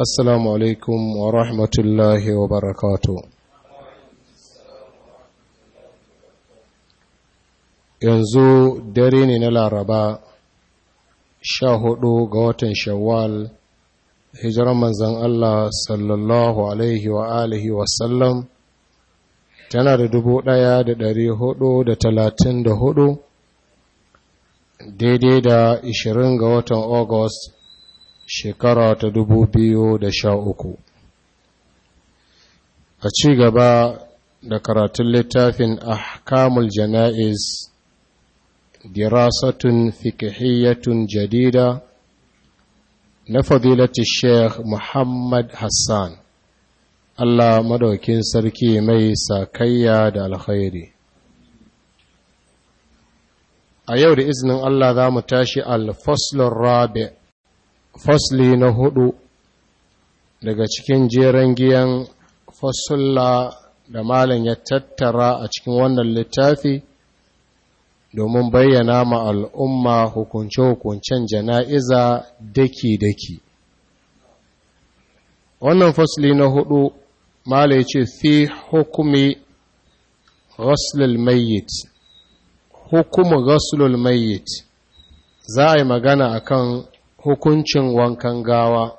assalamu alaikum wa rahmatullahi wa barakatu yanzu dare ne na laraba sha hudu ga watan shawwal hijiran manzan Allah sallallahu alaihi wa alihi tana da dubu ɗaya da dari hudu da talatin da hudu daidai da ishirin ga watan august shekara ta dubu biyu da sha uku. a ci gaba da karatun littafin ahkamul jana'iz dirasatun fikihiyatun jadida na fadilati sheikh muhammad hassan allah madaukin sarki mai sakayya da alkhairi a yau da izinin allah za mu tashi alfaslun rabi' fasli na hudu daga cikin jeren giyan fasulla da malam ya tattara a cikin wannan littafi domin bayyana ma al'umma hukunce-hukuncen jana'iza daki-daki. Wannan fasli na hudu mala ya ce fi hukumi rasulul mayyit hukumu rasulul mayyit za a yi magana akan hukuncin wankan gawa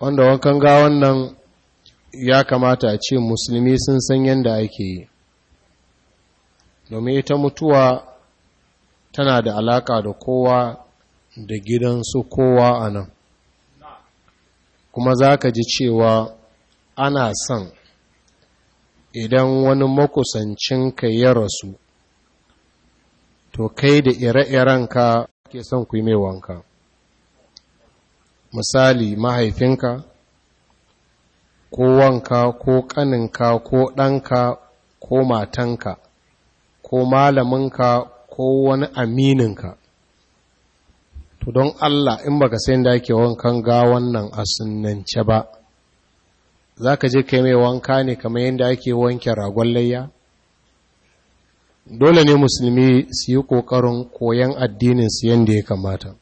wanda wankan gawan nan ya kamata a ce musulmi sun san yadda ake yi domin ita mutuwa tana da alaka da kowa da gidansu kowa a nan kuma za ka ji cewa ana son idan wani makusancinka ya rasu to kai da ire-irenka ke son ku yi mai wanka misali mahaifinka ko wanka ko ƙaninka ko ɗanka ko matanka ko malaminka ko wani amininka to don Allah in baka sai da ake wankan gawan nan a sunance ba za ka je kai mai wanka ne kamar yadda ake wanke ragon layya dole ne musulmi su yi ƙoƙarin koyon addinin su yadda ya kamata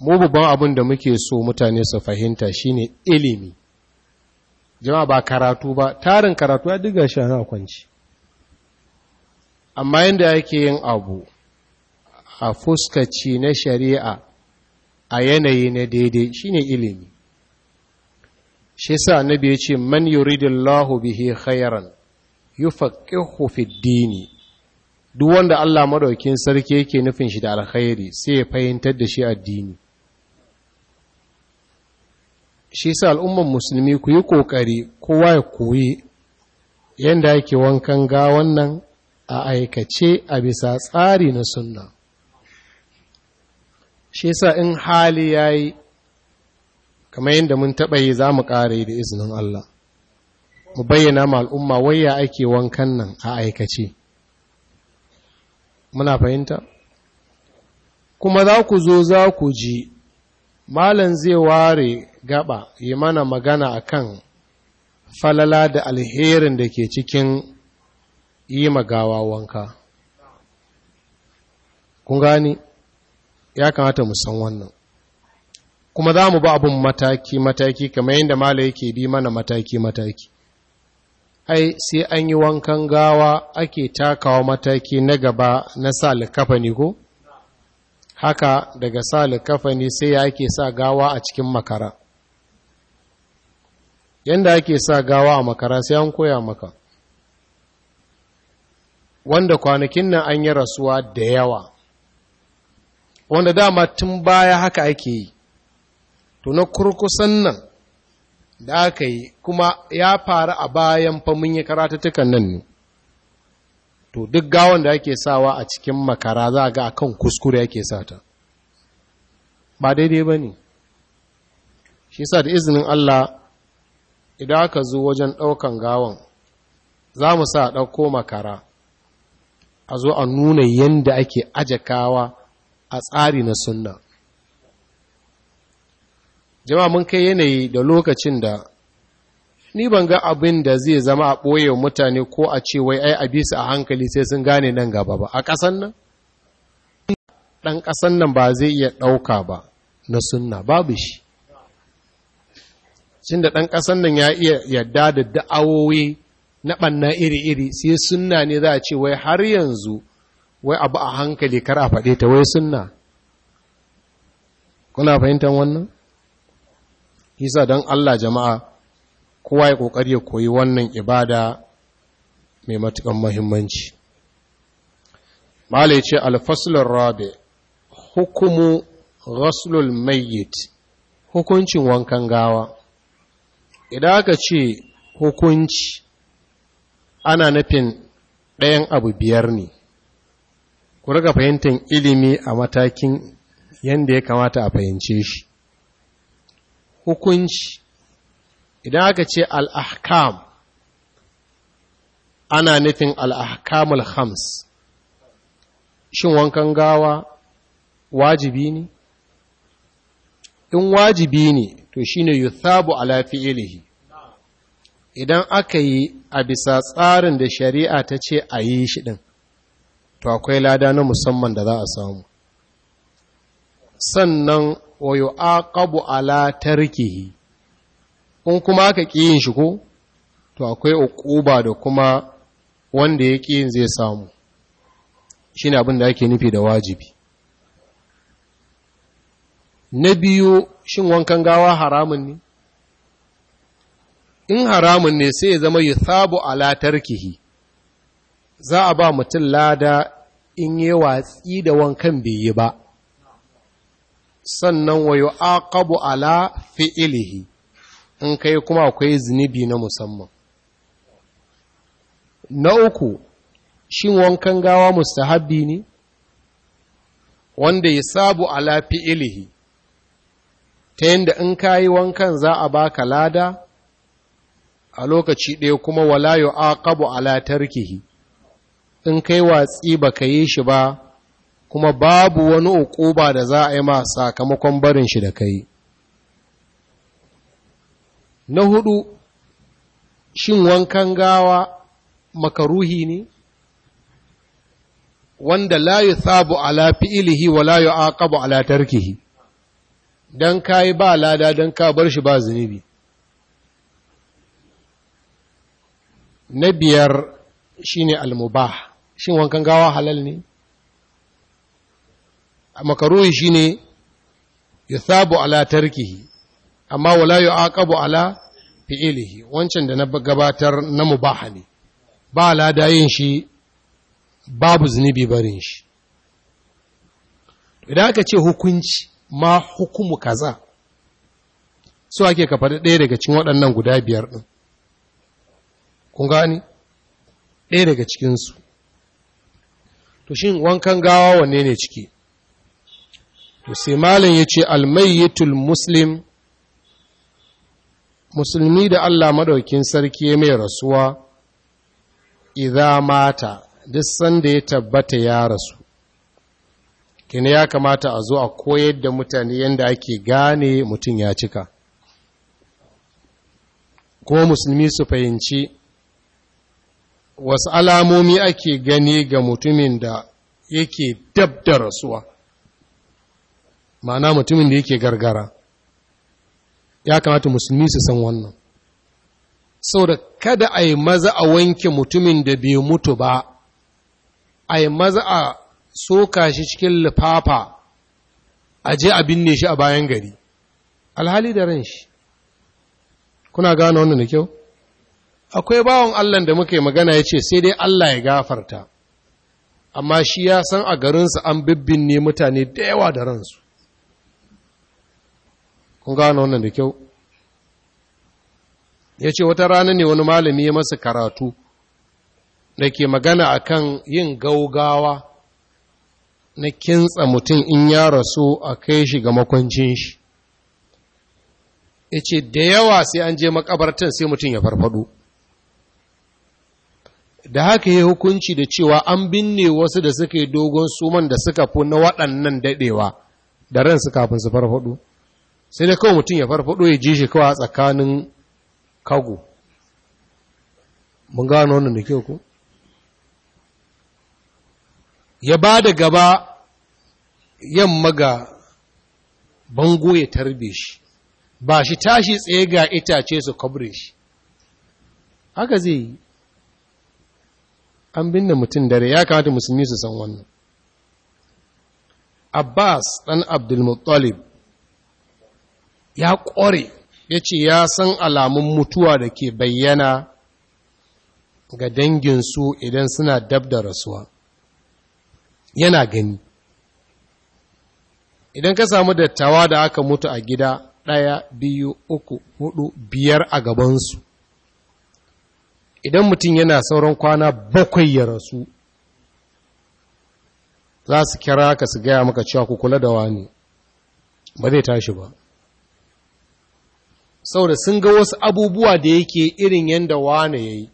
mu babban abin da muke so mutane su fahimta shine ilimi jama ba karatu ba tarin karatu ya diga shi ana kwanci amma yadda yake yin abu a fuskaci na shari'a a yanayi na daidai shine ilimi shi sa annabi ya ce man yuridillahu bihi khairan Yi fid dini duk wanda Allah madaukin sarki yake nufin shi da alkhairi sai ya fahimtar da shi addini shi sa al'umman musulmi ku yi kokari kowa ya koyi yanda yake wankan ga wannan a aikace a bisa tsari na sunna shi sa in hali yayi kamar yadda mun taɓa yi za mu ƙare da izinin Allah mu bayyana ma al'umma waya ake wankan nan a aikace muna fahimta kuma za ku zo za ku ji malam zai ware gaba yi mana magana akan falala da alherin da ke cikin yi magawa wanka kun gani ya kamata mu san wannan kuma za mu ba abin mataki-mataki kamar yadda mala yake bi mana mataki-mataki ai sai an yi wankan gawa ake takawa mataki na gaba na sa likafani ko haka daga sa likafani sai ake sa gawa a cikin makara yanda ake sa gawa a makara sai an koya maka wanda kwanakin nan an yi rasuwa da yawa wanda dama tun baya haka ake yi to na kurkusan nan da aka yi kuma ya faru a bayan famin ya karatattukan nan ne to duk gawon da ake sawa a cikin makara za ga a kan kuskure ake sata ba daidai ba ne shi sa da izinin Allah idan aka zo wajen ɗaukan gawon, za mu sa ɗauko makara a zo a nuna yadda ake ajakawa a tsari na sunna jama'a mun kai yanayi da lokacin da ni ban ga abin da zai zama a ɓoye mutane ko a ce wai ai a bisa a hankali sai sun gane nan gaba ba a ƙasan nan ɗan ƙasan nan ba zai iya ɗauka ba na sunna babu shi cin da ɗan ƙasan nan ya iya yadda da da'awowi na ɓanna iri-iri sai sunna ne za a ce wai har yanzu wai abu a hankali kar a faɗe ta wai sunna kuna fahimtar wannan Isa don Allah jama'a kowa ya ƙoƙari ya koyi wannan ibada mai matuƙan mahimmanci. Malai ce alfasular rabe, hukumu rasulul mayyit, hukuncin wankan gawa. Ida aka ce hukunci ana nufin ɗayan abu biyar ne, ku raga fahimtar ilimi a matakin yadda ya kamata a fahimce shi. hukunci idan aka ce al'ahkam ana nufin al'ahkamul hams shin wankan gawa wajibi ne? in wajibi ne to shi ne yuthabu ala ilihi. idan aka yi a bisa tsarin da shari'a ta ce a yi shi ɗin to akwai lada na musamman da za a samu sannan wa yu'aqabu ala tarkihi in kuma aka ƙi yin shi ko to akwai uquba da kuma wanda ya ƙi yin zai samu shine abin da ake nufi da wajibi na biyu shin wankan gawa haramun ne in haramun ne sai ya zama yuthabu ala tarkihi za a ba mutum lada in yi watsi da wankan bai yi ba sannan wa yu'aqabu ala fi'ilihi in kai kuma akwai zunubi na musamman na uku shin wankan gawa mustahabbi ne wanda ya sabu ala fi'ilihi ta yadda in kayi wankan za a baka lada a lokaci ɗaya kuma wala yu'aqabu ala tarkihi in kai watsi baka yi shi ba kuma babu wani uquba da za a yi ma sakamakon barin shi da kai na hudu shin wankan gawa makaruhi ne wanda la sabu ala fi'lihi wa la yu'aqabu ala tarkihi dan kai ba lada dan ka bar shi ba zunubi na biyar shine almubah shin wankan gawa halal ne makaruhi shine yasabu ala tarkihi amma wala yu'aqabu ala fi'ilihi wancan da na gabatar na mubaha ne ba lada yin shi babu zunubi barin shi idan aka ce hukunci ma hukumu kaza so ake ka faɗi ɗaya daga cikin waɗannan guda biyar ɗin kun gani ɗaya daga cikinsu to shin wankan gawa wanne ne ciki to sai malam ya ce almayyitul muslim musulmi da Allah maɗaukin sarki ya mai rasuwa idza mata duk sanda ya tabbata ya rasu kina ya kamata a zo a koyar da mutane yadda ake gane mutum ya cika ko musulmi su fahimci wasu alamomi ake gani ga mutumin da yake dab da rasuwa ma'ana mutumin da yake gargara ya kamata musulmi su san wannan saboda kada a yi maza a wanke mutumin da bai mutu ba a yi maza a soka shi cikin lifafa a je a binne shi a bayan gari alhali da ran shi kuna gane wannan da kyau akwai bawon allah da muka yi magana ya ce sai dai allah ya gafarta amma shi ya san a garinsa an bibbinne mutane da yawa da ransu kun gano wannan da kyau ya ce wata rana ne wani malami ya masu karatu da ke magana akan yin gaugawa na kintsa mutum in ya rasu a kai shi ga makwancin shi ya ce da yawa sai an je makabartan sai mutum ya farfado da haka yi hukunci da cewa an binne wasu da suka yi dogon suman da suka fi na waɗannan daɗewa da ransu kafin su farfado sai dai kawai mutum ya farfado ya ji shi kawai a tsakanin kago mun gano wannan da kyau ko ya ba da gaba yamma ga bango ya tarbe shi ba shi tashi tsaye ga itace su kwabre shi haka zai yi an binne mutum dare ya kamata musulmi su san wannan abbas ɗan abdulmuttalib ya ƙware ya ce ya san alamun mutuwa da ke bayyana ga danginsu idan suna dab da rasuwa yana gani idan ka samu dattawa da aka mutu a gida ɗaya biyu uku hudu biyar a gabansu idan mutum yana sauran kwana bakwai ya rasu za su kira ka su gaya maka cewa ku kula da wani ba zai tashi ba saboda sun ga wasu abubuwa da yake irin yadda wane ya yi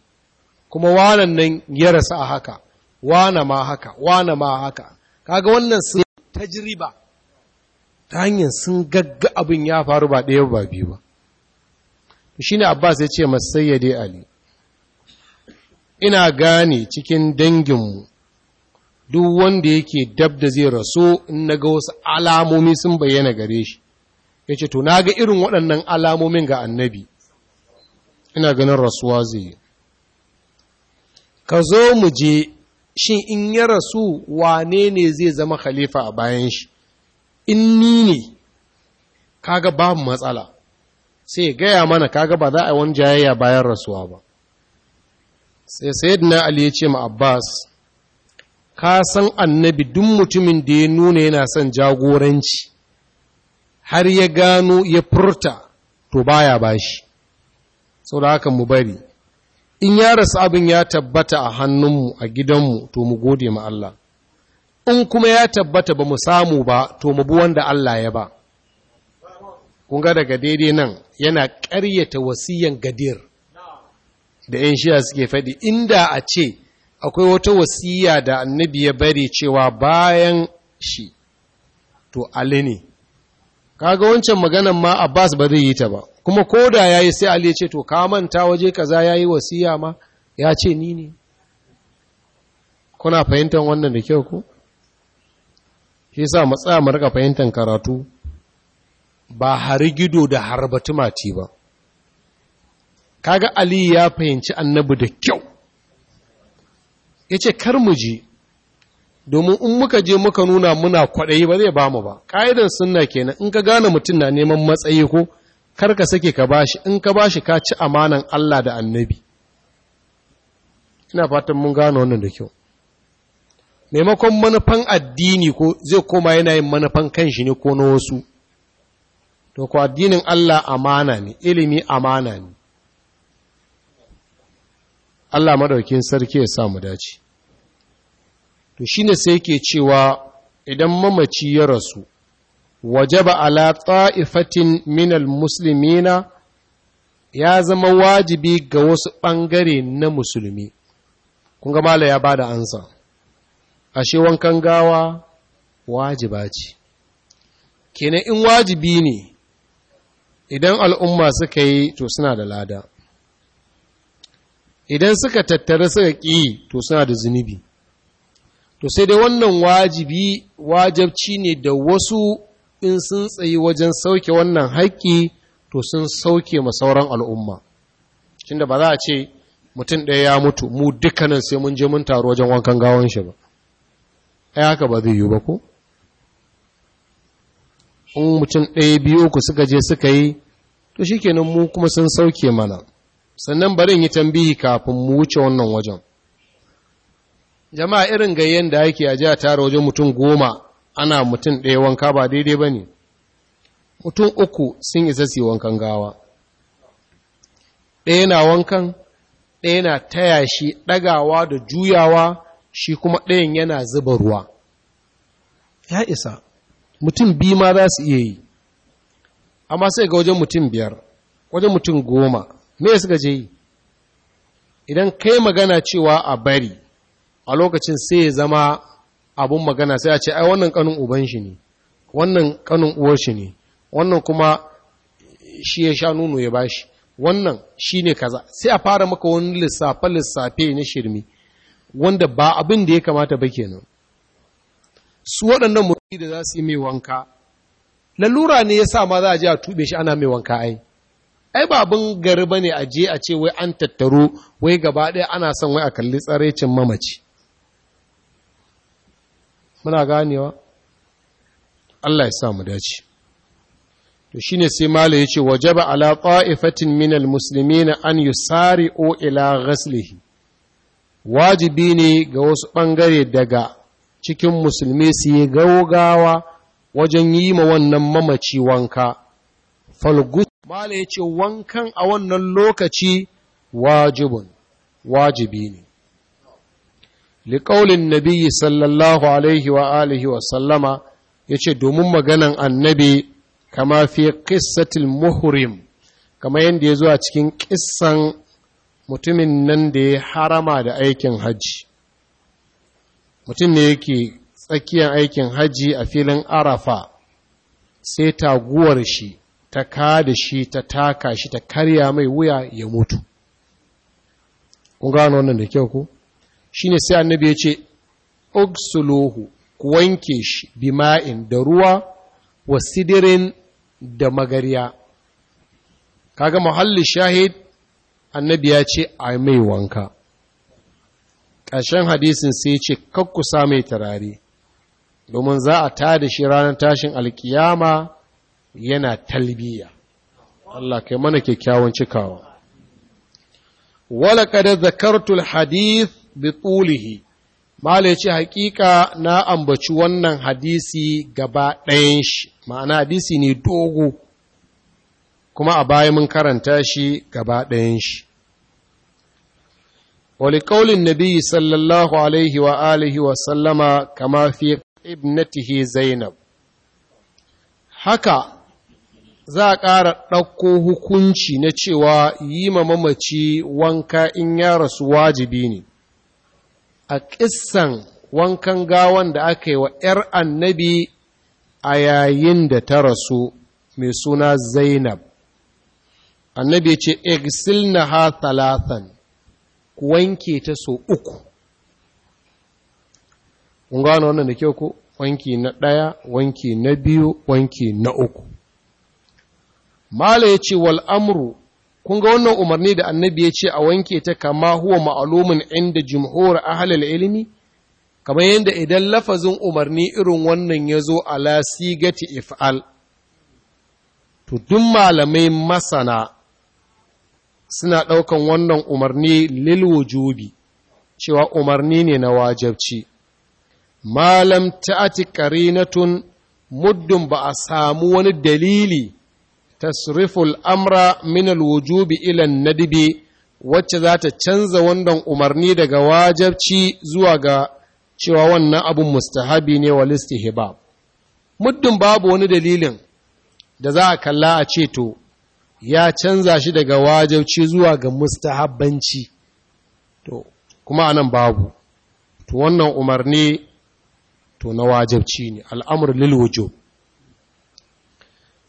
kuma wanan nan ya rasu a haka wane ma haka wane ma haka kaga wannan sun tajriba ta hanyar sun gagga abin ya faru ba ɗaya ba biyu ba shi ne abbas ya ce masayyade ali ina gane cikin danginmu duk wanda yake dab da zai rasu in na ga wasu alamomi sun bayyana gare shi Yace to na ga irin waɗannan alamomin ga annabi ina ganin rasuwa zai ka zo mu je shi in ya rasu wane ne zai zama khalifa a bayan shi in ni ne kaga babu matsala sai gaya mana kaga ba za a wani jayayya bayan rasuwa ba sai sayyidina ali ya ce ma abbas ka san annabi duk mutumin da ya nuna yana son jagoranci har ya gano ya furta to baya bashi sau da haka mu bari in ya rasu abin ya tabbata a hannunmu a gidanmu to mu gode ma Allah in kuma ya tabbata ba mu samu ba to mu bi wanda Allah ya ba kunga daga daidai nan yana ƙaryata wasiyan gadir da 'yan shiya suke faɗi inda a ce akwai wata wasiya da annabi ya bari cewa bayan shi to ali ne kaga wancan maganan ma Abbas ba zai yi ta ba kuma ko koda yayi sai Ali ya ce to ka manta waje kaza yayi wasiya ma ya ce ni ne kuna fahimtar wannan da kyau ko shi yasa tsaya mu rika fahimtar karatu ba gido da harbatuma ce ba kaga Ali ya fahimci annabi da kyau yace kar mu je. domin in muka je muka nuna muna kwaɗayi ba zai ba mu ba ƙa'idar sunna kenan in ka gane mutum na neman matsayi ko kar ka sake ka bashi in ka bashi ka ci amanan Allah da annabi ina fatan mun gane wannan da kyau maimakon manufan addini ko zai koma yana yin manufan shi ne ko na wasu to ko addinin Allah amana ne ilimi amana ne Allah madaukin sarki ya sa mu dace to shi ne sai ke cewa idan mamaci ya rasu wajaba ala ta'ifatin minal muslimina ya zama wajibi ga wasu ɓangare na musulmi kun ga mala ya bada ansa ashe wankan gawa wajiba ce kenan in wajibi ne idan al'umma suka yi to suna da lada idan suka tattara suka ƙi to suna da zunubi to sai dai wannan wajibi wajabci ne da wasu in sun tsayi wajen sauke wannan haƙƙi to sun sauke ma sauran al'umma cin da ba za a ce mutum ɗaya ya mutu mu dukkanin sai mun je mun taru wajen wankan gawon shi ba ai haka ba zai yiwu ba ko in mutum ɗaya biyu ku suka je suka yi to shikenan mu kuma sun sauke mana sannan bari barin yi tambihi kafin mu wuce wannan wajen jama'a irin gayyen da ake a jiya tara wajen mutum goma ana mutum ɗaya wanka ba daidai ba ne mutum uku sun isa su wankan gawa ɗaya na wankan ɗaya na taya shi ɗagawa da juyawa shi kuma ɗayan yana zuba ruwa ya isa mutum biyu ma za su iya yi amma sai ga wajen mutum biyar wajen mutum goma me suka je yi idan kai magana cewa a bari a lokacin sai ya zama abun magana sai a ce ai wannan kanin uban shi ne wannan kanin uwar shi ne wannan kuma shi ya sha nuno ya bashi wannan shi ne kaza sai a fara maka wani lissafe lissafe na shirmi wanda ba abin da ya kamata ba kenan su waɗannan mutane da za su yi mai wanka lalura ne ya sa ma za a je a tube shi ana mai wanka ai ai ba abin gari ba ne a je a ce wai an tattaro wai gaba ɗaya ana son wai a kalli tsaraicin mamaci muna ganewa Allah ya sa mu dace to shine sai malai yace wajaba ala qa'ifatin min almuslimina an yusari'u ila ghaslihi wajibi ne ga wasu bangare daga cikin musulmi su yi gaugawa wajen yi ma wannan mamaci wanka falgut mala yace wankan a wannan lokaci wajibun wajibi ne liƙaulin Nabiyyu sallallahu alaihi wa alihi wa sallama ya ce domin maganan annabi kama fi ƙissatil muhrim kama yadda ya zo a cikin ƙisan mutumin nan da ya harama da aikin hajji mutum ne yake tsakiyar aikin hajji a filin arafa sai taguwar shi ta kada shi ta taka shi ta karya mai wuya ya mutu kun gano wannan da kyau ko. Shi ne sai annabi ya ce ugsuluhu ku wanke shi bima'in da ruwa wa sidirin da magariya kaga muhalli shahid annabi ya ce a mai wanka ƙarshen hadisin sai ce kakku sa mai turare domin za a tada shi ranar tashin alkiyama yana talbiya Allah kai mana kyakkyawan cikawa wala kada zakartul hadith bi tulihi mala ya haƙiƙa na ambaci wannan hadisi gaba ɗayan shi ma'ana hadisi ne dogo kuma a baya mun karanta shi gaba ɗayan shi ولقول sallallahu alaihi الله عليه وآله وسلم كما في ابنته zainab. haka za a ƙara ɗauko hukunci na cewa yi ma mamaci wanka in ya rasu wajibi ne a ƙissan wankan gawan da aka yi wa ‘yar annabi a yayin da ta rasu mai suna Zainab. Annabi ce, egsil na ha talatan, ku wanke ta so uku. Kun gano wannan da kyau ku? Wanki na ɗaya, wanki na biyu, wanki na uku. Mala ya ce, Amru. kun ga wannan umarni da annabi ya ce a wanke ta kama huwa ma'alumin inda jumhur ahlul ilmi kamar yadda idan lafazin umarni irin wannan ya zo ala sigati if'al to duk malamai masana suna ɗaukan wannan umarni lil wujubi cewa umarni ne na wajabci malam ta'ati qarinatun muddin ba a samu wani dalili تصرف amra min الوجوب ila nadibi wacce za ta canza wannan umarni daga wajabci zuwa ga cewa wannan abun mustahabi ne wal istihbab muddin babu wani dalilin da za a kalla a ce to ya canza shi daga wajabci zuwa ga mustahabbanci to kuma anan babu to wannan umarni to na wajabci ne al'amur lil wujub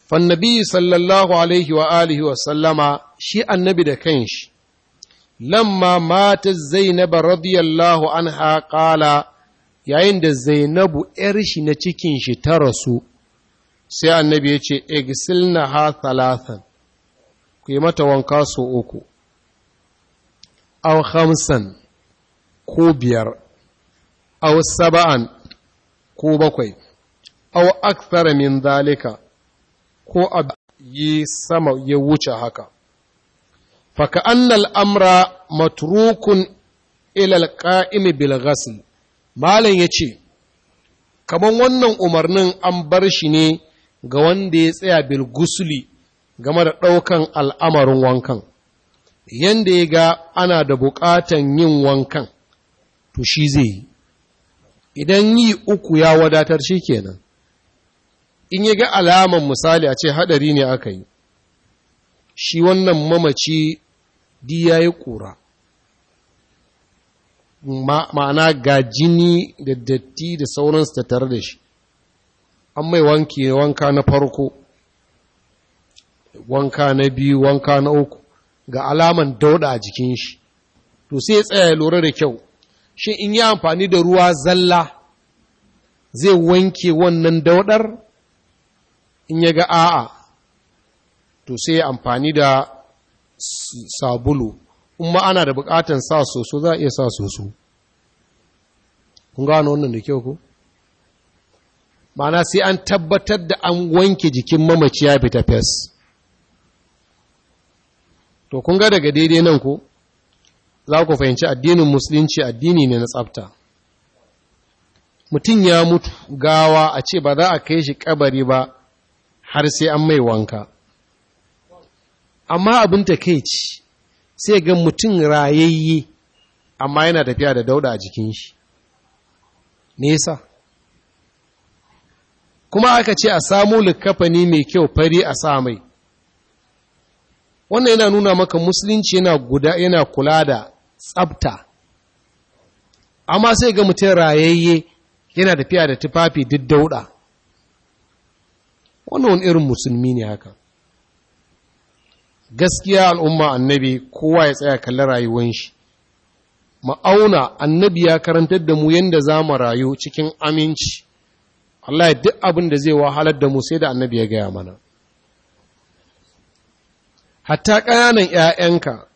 fannabi sallallahu alaihi wa alihi wa sallama shi annabi da kanshi lamma mata zainaba radiyallahu anha qala yayin da zainabu yar shi na cikin shi ta rasu sai annabi ya ce egsilna ha thalathan ku yi mata wanka so uku aw khamsan ko biyar aw saba'an ko bakwai aw akara min zalika ko a yi sama ya wuce haka faka annal amra matrukun ilal qa'imi bil ghasl malam yace kaman wannan umarnin an bar shi ne ga wanda ya tsaya bil game da ɗaukan al'amarin wankan yanda ya ga ana da buƙatan yin wankan to shi zai yi idan yi uku ya wadatar shi kenan in ya ga alaman misali a ce haɗari ne aka yi shi wannan mamaci di ya yi ƙura ma'ana ga jini da datti da sauransu ta tare da shi an mai wanki wanka na farko wanka na biyu wanka na uku ga alaman dauda a jikin shi to sai ya tsaya ya lura da kyau shi in yi amfani da ruwa zalla zai wanke wannan daudar in ya ga a'a to sai amfani da sabulu in ma ana da bukatan sa soso za a iya sa soso kun gano wannan da kyau ko Mana sai an tabbatar da an wanke jikin mamaciya ya fita fes to kun ga daga daidai nan ko za ku fahimci addinin musulunci addini ne na tsafta mutum ya mutu gawa a ce ba za a kai shi kabari ba har sai an mai wanka amma abin ta kai sai ga mutum rayayye amma yana tafiya da dauda a jikin shi nesa kuma aka ce a samu likafani mai kyau fari a sa mai wannan yana nuna maka musulunci yana guda yana kula da tsabta amma sai ga mutum rayayye yana tafiya da tufafi duk dauda wannan wani irin musulmi ne haka gaskiya al'umma annabi kowa ya tsaya kalli rayuwan shi ma'auna annabi ya karantar da mu yadda za mu rayu cikin aminci Allah ya duk abin da zai wahalar da mu sai da annabi ya gaya mana hatta ƙananan ‘ya'yanka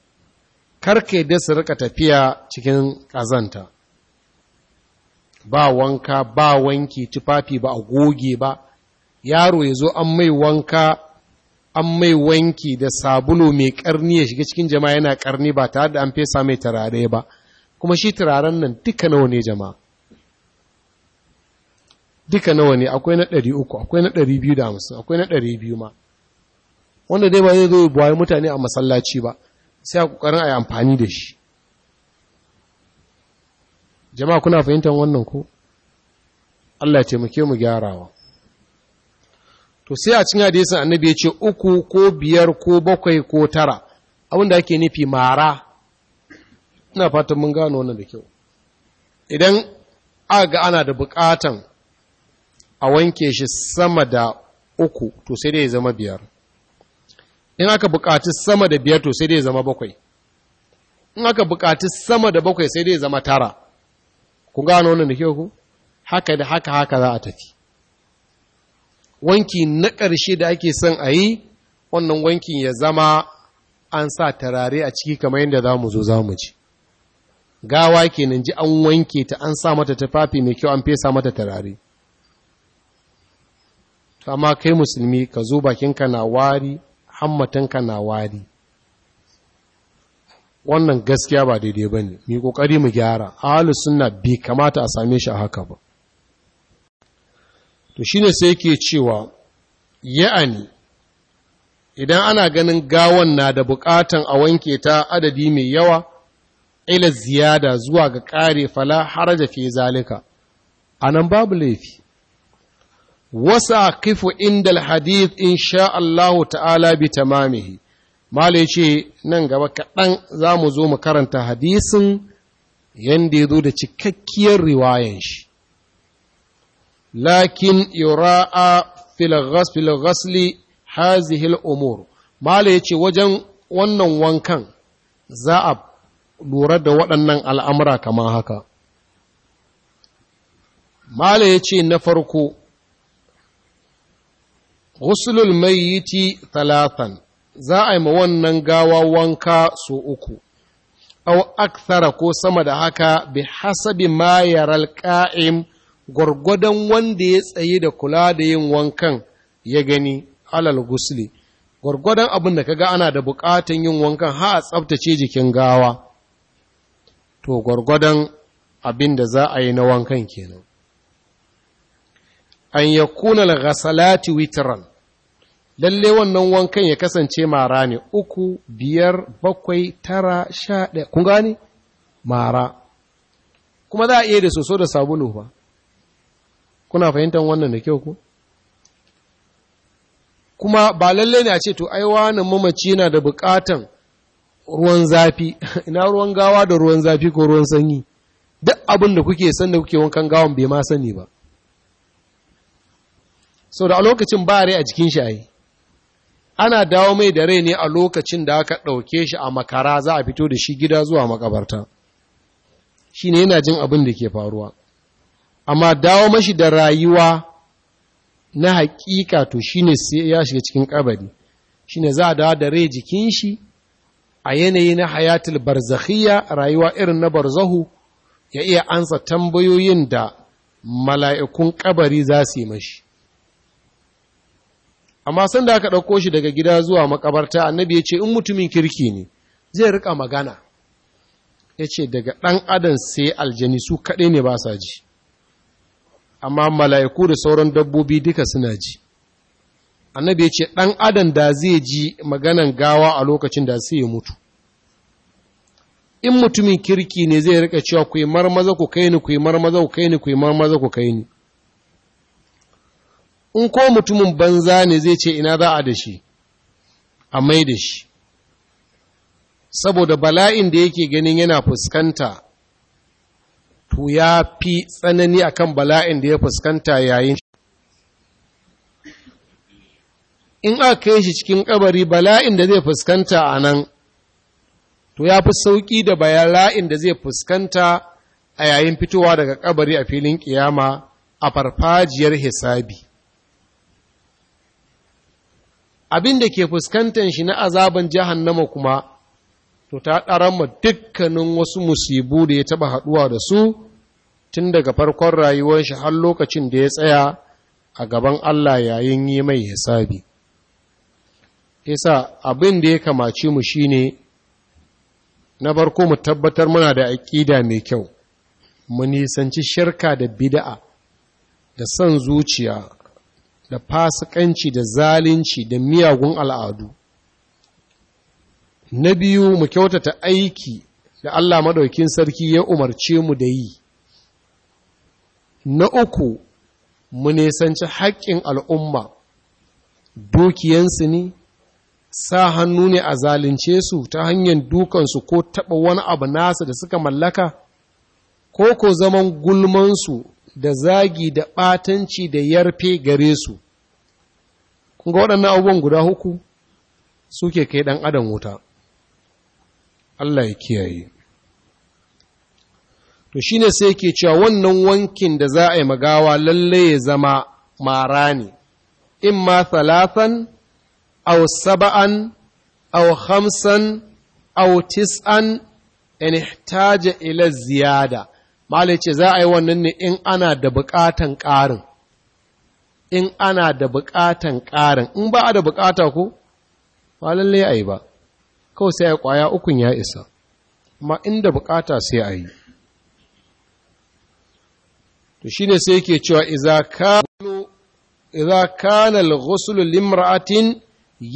karka da su rika tafiya cikin ƙazanta ba wanka ba wanki tufafi ba a goge ba yaro ya zo an mai wanka an mai wanki da sabulu mai karni ya shiga cikin jama'a yana karni ba tare da an fesa mai turare ba kuma shi turaren nan duka nawa ne jama'a duka nawa ne akwai na ɗari uku akwai na ɗari biyu da hamsin akwai na ɗari biyu ma wanda dai ba zai zo buwaye mutane a masallaci ba sai a ƙoƙarin a yi amfani da shi jama'a kuna fahimtar wannan ko Allah ce taimake mu gyarawa to sai a cikin hadisin annabi ya ce uku ko biyar ko bakwai ko tara abin da ake nufi mara ina fatan mun gano wannan da kyau idan aka ga ana da bukatan a wanke shi sama da uku to sai dai ya zama biyar in aka bukaci sama da biyar to sai dai ya zama bakwai in aka bukaci sama da bakwai sai dai ya zama tara ku gano wannan da kyau ku haka da haka haka za a tafi wanki na ƙarshe da ake son a yi wannan wankin ya zama an sa tarare a ciki kamar yadda za mu zo za mu ji gawa kenan ji an wanke ta an sa mata tufafi mai kyau an fesa mata tarare amma kai musulmi ka zo bakinka na wari hammatanka na wari wannan gaskiya ba daidai ba ne mai ƙoƙari mu gyara ahalus suna bi kamata a same shi a haka ba to ne sai ke cewa ya'ani idan ana ganin gawan na da bukatan a wanke ta adadi mai yawa ila ziyada zuwa ga kare fala haraja fi zalika anan babu laifi wasa kifu inda alhadith insha Allah ta'ala bi tamamihi malai ce nan gaba kaɗan za mu zo mu karanta hadisin yanda ya da cikakkiyar riwayan shi lakin yura'a fil ghasli hazihi al-umur mala yace wajen wannan wankan za a lura da waɗannan al'amura kamar haka mala yace na farko yi mayyiti talatan za a yi ma wannan gawa wanka su uku Au akthara ko sama da haka bi hasabi ma yaral ƙa'im. gwargwadon wanda ya tsaye da kula da yin wankan ya gani alal gusli gwargwadon abin da kaga ana da bukatan yin wankan ha a tsabtace jikin gawa to gwargwadon abin da za a yi na wankan kenan an ya kuna ghasalati witiran, lalle wannan wankan ya kasance mara ne uku biyar bakwai tara sha ɗaya kun gani mara kuma za a iya da soso da sabulu ba kuna fahimtar wannan da kyau ku kuma ba lalle ne a ce to ai wani mamaci yana da bukatan ruwan zafi ina ruwan gawa da ruwan zafi ko ruwan sanyi duk abin da kuke san da kuke wankan gawan bai ma sani ba sau da a lokacin ba rai a jikin shi ai ana dawo mai da rai ne a lokacin da aka ɗauke shi a makara za a fito da shi gida zuwa makabarta shi ne yana jin abin da ke faruwa amma dawo mashi da rayuwa na hakika to shine sai ya shiga cikin kabari shine za a dawo da rai jikin shi a yanayi na hayatul barzakhiya rayuwa irin na barzahu ya iya ansa tambayoyin da mala'ikun ƙabari za su yi mashi amma sun da aka ɗauko shi daga gida zuwa makabarta annabi ya ce in mutumin kirki ne zai rika magana ya ce daga ɗan adam sai aljani su kaɗai ne ba sa ji amma mala'iku da sauran dabbobi duka suna ji annabi ya ce ɗan adam da zai ji maganan gawa a lokacin da sai ya mutu in mutumin kirki ne zai rika cewa ku yi marmaza ku kai ni ku yi marmaza ku kai ni ku yi marmaza ku kai ni in ko mutumin banza ne zai ce ina za a da shi a mai da shi saboda bala'in da yake ganin yana fuskanta to ya fi tsanani akan bala'in da ya fuskanta yayin in aka kai shi cikin kabari bala'in da zai fuskanta a nan to ya fi sauƙi da bala'in da zai fuskanta a yayin fitowa daga kabari a filin ƙiyama a farfajiyar hisabi abin da ke fuskantar shi na azaban nama kuma to ta ɗarama dukkanin wasu musibu da ya taɓa haɗuwa da su tun daga farkon rayuwar shi har lokacin da ya tsaya a gaban Allah yayin yi mai hisabi. Isa abin da ya kamace mu shi ne, na barko mu tabbatar muna da aƙida mai kyau, mu nisanci shirka da bida'a, da son zuciya, da fasikanci da zalunci da miyagun al'adu. na biyu mu kyautata aiki da Allah maɗaukin sarki ya umarce mu da yi na uku mu nesanci haƙƙin al'umma dukiyansu ne sa hannu ne a zalunce su ta hanyar dukansu ko taɓa wani abu nasu da suka mallaka ko ko zaman gulmansu da zagi da ɓatanci da yarfe gare su Kunga waɗannan abubuwan guda uku suke kai ɗan adam wuta Allah ya kiyaye to shi ne sai ke cewa wannan wankin da za a yi magawa lalle ya zama mara ne In ma thalathan au saba'an au hamsan, au tis'an in ihtaja ila ziyada malai ce za a yi wannan ne in ana da buƙatan ƙarin in ana da buƙatan ƙarin in ba a da buƙata ko ba lallai a yi ba kawai sai a kwaya ukun ya isa amma inda bukata sai a yi to ne sai ke cewa Iza kana idza kana al-ghusl limra'atin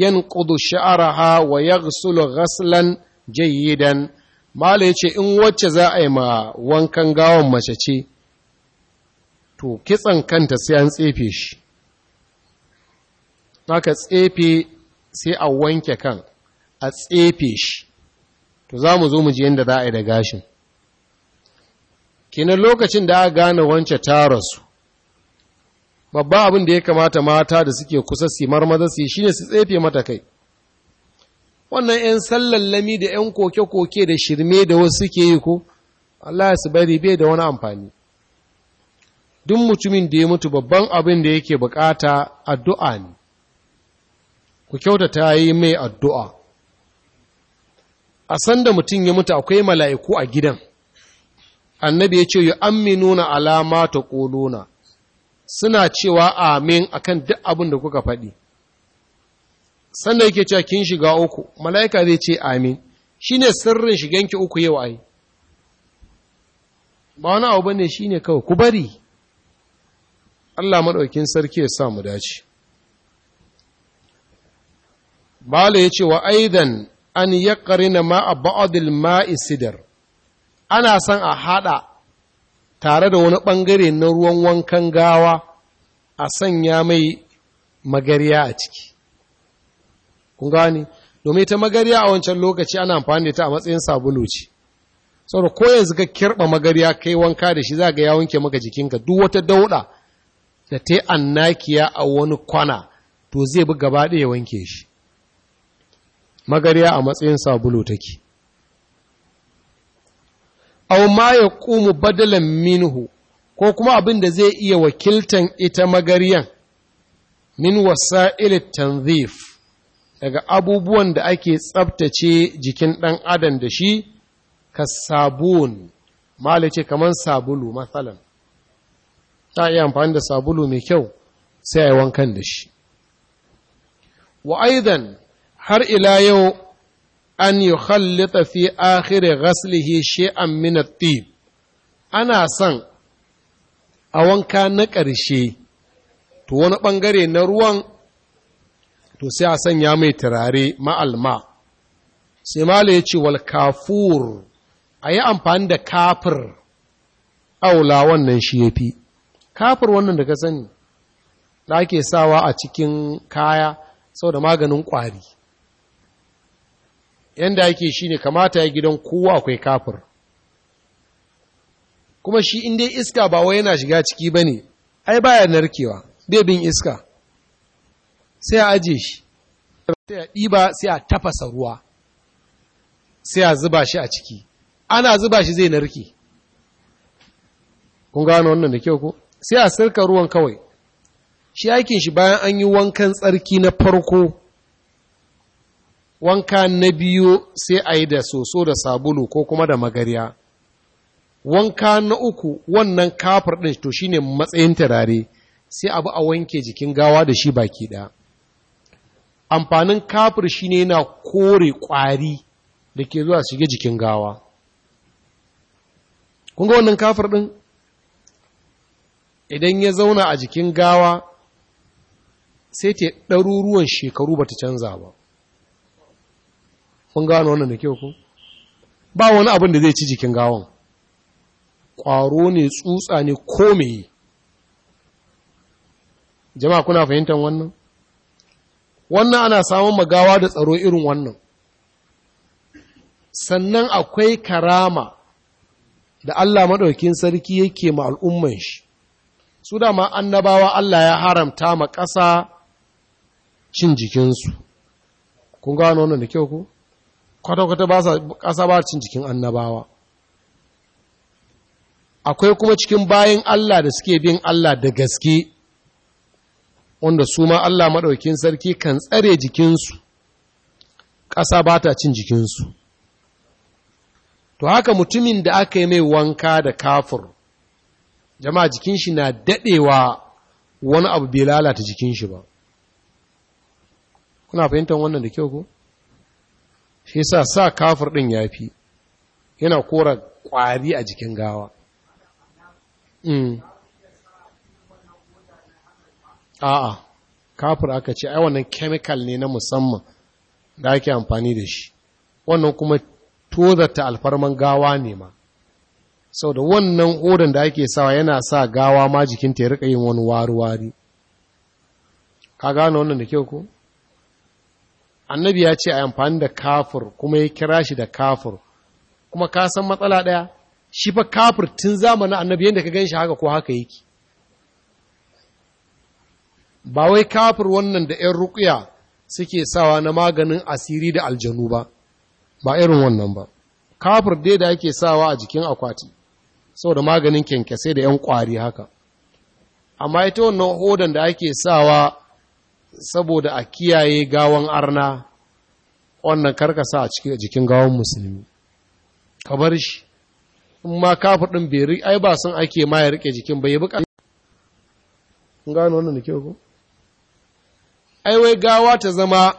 yanqudu sha'raha wa yaghsulu ghaslan jayyidan mala yace in wacce za a yi ma wankan gawon mace ce to kitsan kanta sai an tsefe shi naka tsefe sai a wanke kan a tsefe shi to za mu zo mu ji yadda za a yi da gashin kenan lokacin da aka gane wance ta rasu babba abin da ya kamata mata da suke kusa su marmaza su shine su tsefe mata kai wannan 'yan sallallami da 'yan koke-koke da shirme da wasu suke yi ko Allah ya su bari bai da wani amfani duk mutumin da ya mutu babban abin da yake bukata addu'a ne ku kyauta ta yi mai addu'a a sanda mutum ya mutu akwai mala'iku a gidan annabi ya ce yi amminuna alama ta ƙoluna suna cewa amin akan duk abin da kuka faɗi sanda yake cewa kin shiga uku mala'ika zai ce amin shi ne sirrin shigenki uku yau ai ba wani abu ne shi ne kawai ku bari Allah maɗaukin sarki ya sa mu dace Bala ya ce wa aidan an ya karina ma a ba'adil ma'i sidar ana son a haɗa tare da wani ɓangare na ruwan wankan gawa a sanya mai magarya a ciki kun gani domin ta magarya a wancan lokaci ana amfani da ta a matsayin sabulu ce saboda ko yanzu ka kirɓa magarya kai wanka da shi za ga ya wanke maka jikinka duk wata dauɗa da ta yi annakiya a wani kwana to zai bi gaba ɗaya wanke shi Magariya a matsayin sabulu take aw ma ya ƙumu badalan minhu ko kuma abin da zai iya wakiltan ita magaryan min wasa'ilit tanzif daga abubuwan da ake tsabtace jikin ɗan adam da shi ka sabon malice kamar sabulu matsalan ta iya amfani da sabulu mai kyau sai a yi wankan da shi wa aidan har ila yau an yi khallita fi akhiri ghaslihi shay'an min ana son a wanka na ƙarshe to wani ɓangare na ruwan to sai a sanya mai turare ma'alma sai mala ya ce wal kafur a yi amfani da kafir aula wannan shi ya fi kafir wannan da ka sani da ake sawa a cikin kaya sau da maganin ƙwari yanda yake ne kamata ya gidan kowa akwai kafir kuma shi inda iska ba wai yana shiga ciki ba ne, ai baya narkewa bai bin iska sai a aje shi sai a ɗiba sai a tafasa ruwa sai a zuba shi a ciki ana zuba shi zai narke kun gano wannan da kyau ko sai a sirka ruwan kawai shi aikin shi bayan an yi wankan tsarki na farko wanka na biyu sai a yi da soso da sabulu ko kuma da magarya wanka na uku wannan kafar ɗin to shine matsayin turare sai abu a wanke jikin gawa da shi baki ɗaya amfanin kafir shine yana kore ƙwari da ke zuwa shige jikin gawa kun ga wannan kafir ɗin idan ya zauna a jikin gawa sai ta ɗaruruwan shekaru ba ta canza ba Kun gano wannan da kyau ko ba wani abin da zai ci jikin gawon ƙwaro ne tsutsa ne ko mai jama'a kuna fahimtar wannan wannan ana samun magawa da tsaro irin wannan sannan akwai karama da Allah maɗaukin sarki yake ma al'umman shi su dama annabawa Allah ya haramta ma ƙasa cin jikinsu kun gano wannan da kyau ku? kwata-kwata ba sa ƙasa ba cin cikin annabawa akwai kuma cikin bayan Allah da suke bin Allah da gaske wanda su ma Allah maɗaukin sarki kan tsare jikinsu ƙasa ba ta cin jikinsu to haka mutumin da aka yi mai wanka da kafur jama'a jikin shi na daɗewa wani abu bai lalata jikin shi ba kuna fahimtar wannan da kyau ko shi sa sa kafir ɗin ya fi yana kora ƙwari a jikin gawa mm. a'a kafir aka ce ai wannan chemical ne na musamman da ake amfani da shi wannan kuma tozata alfarman gawa ne ma sau da wannan odan da ake sawa yana sa gawa ma jikinta ya rika yin wani wari-wari ka gano wannan da kyau ko? annabi ya ce a amfani da kafur kuma ya kira shi da kafur kuma ka san matsala ɗaya shi fa kafur tun zamanin annabi yadda ka gan shi haka ko haka yake ba wai kafur wannan da ‘yan ruƙuya suke sawa na maganin asiri da aljanu ba ba irin wannan ba kafur dai da ake sawa a jikin akwati saboda maganin kyankyasai da ‘yan ƙwari haka amma ita wannan hodan da ake sawa saboda a kiyaye gawon arna wannan karkasa a cikin jikin gawon musulmi ka bar shi in ma kafa ɗin beri ai ba sun ake ma ya rike jikin bai buƙa kun gano wannan da kyau ko ai wai gawa ta zama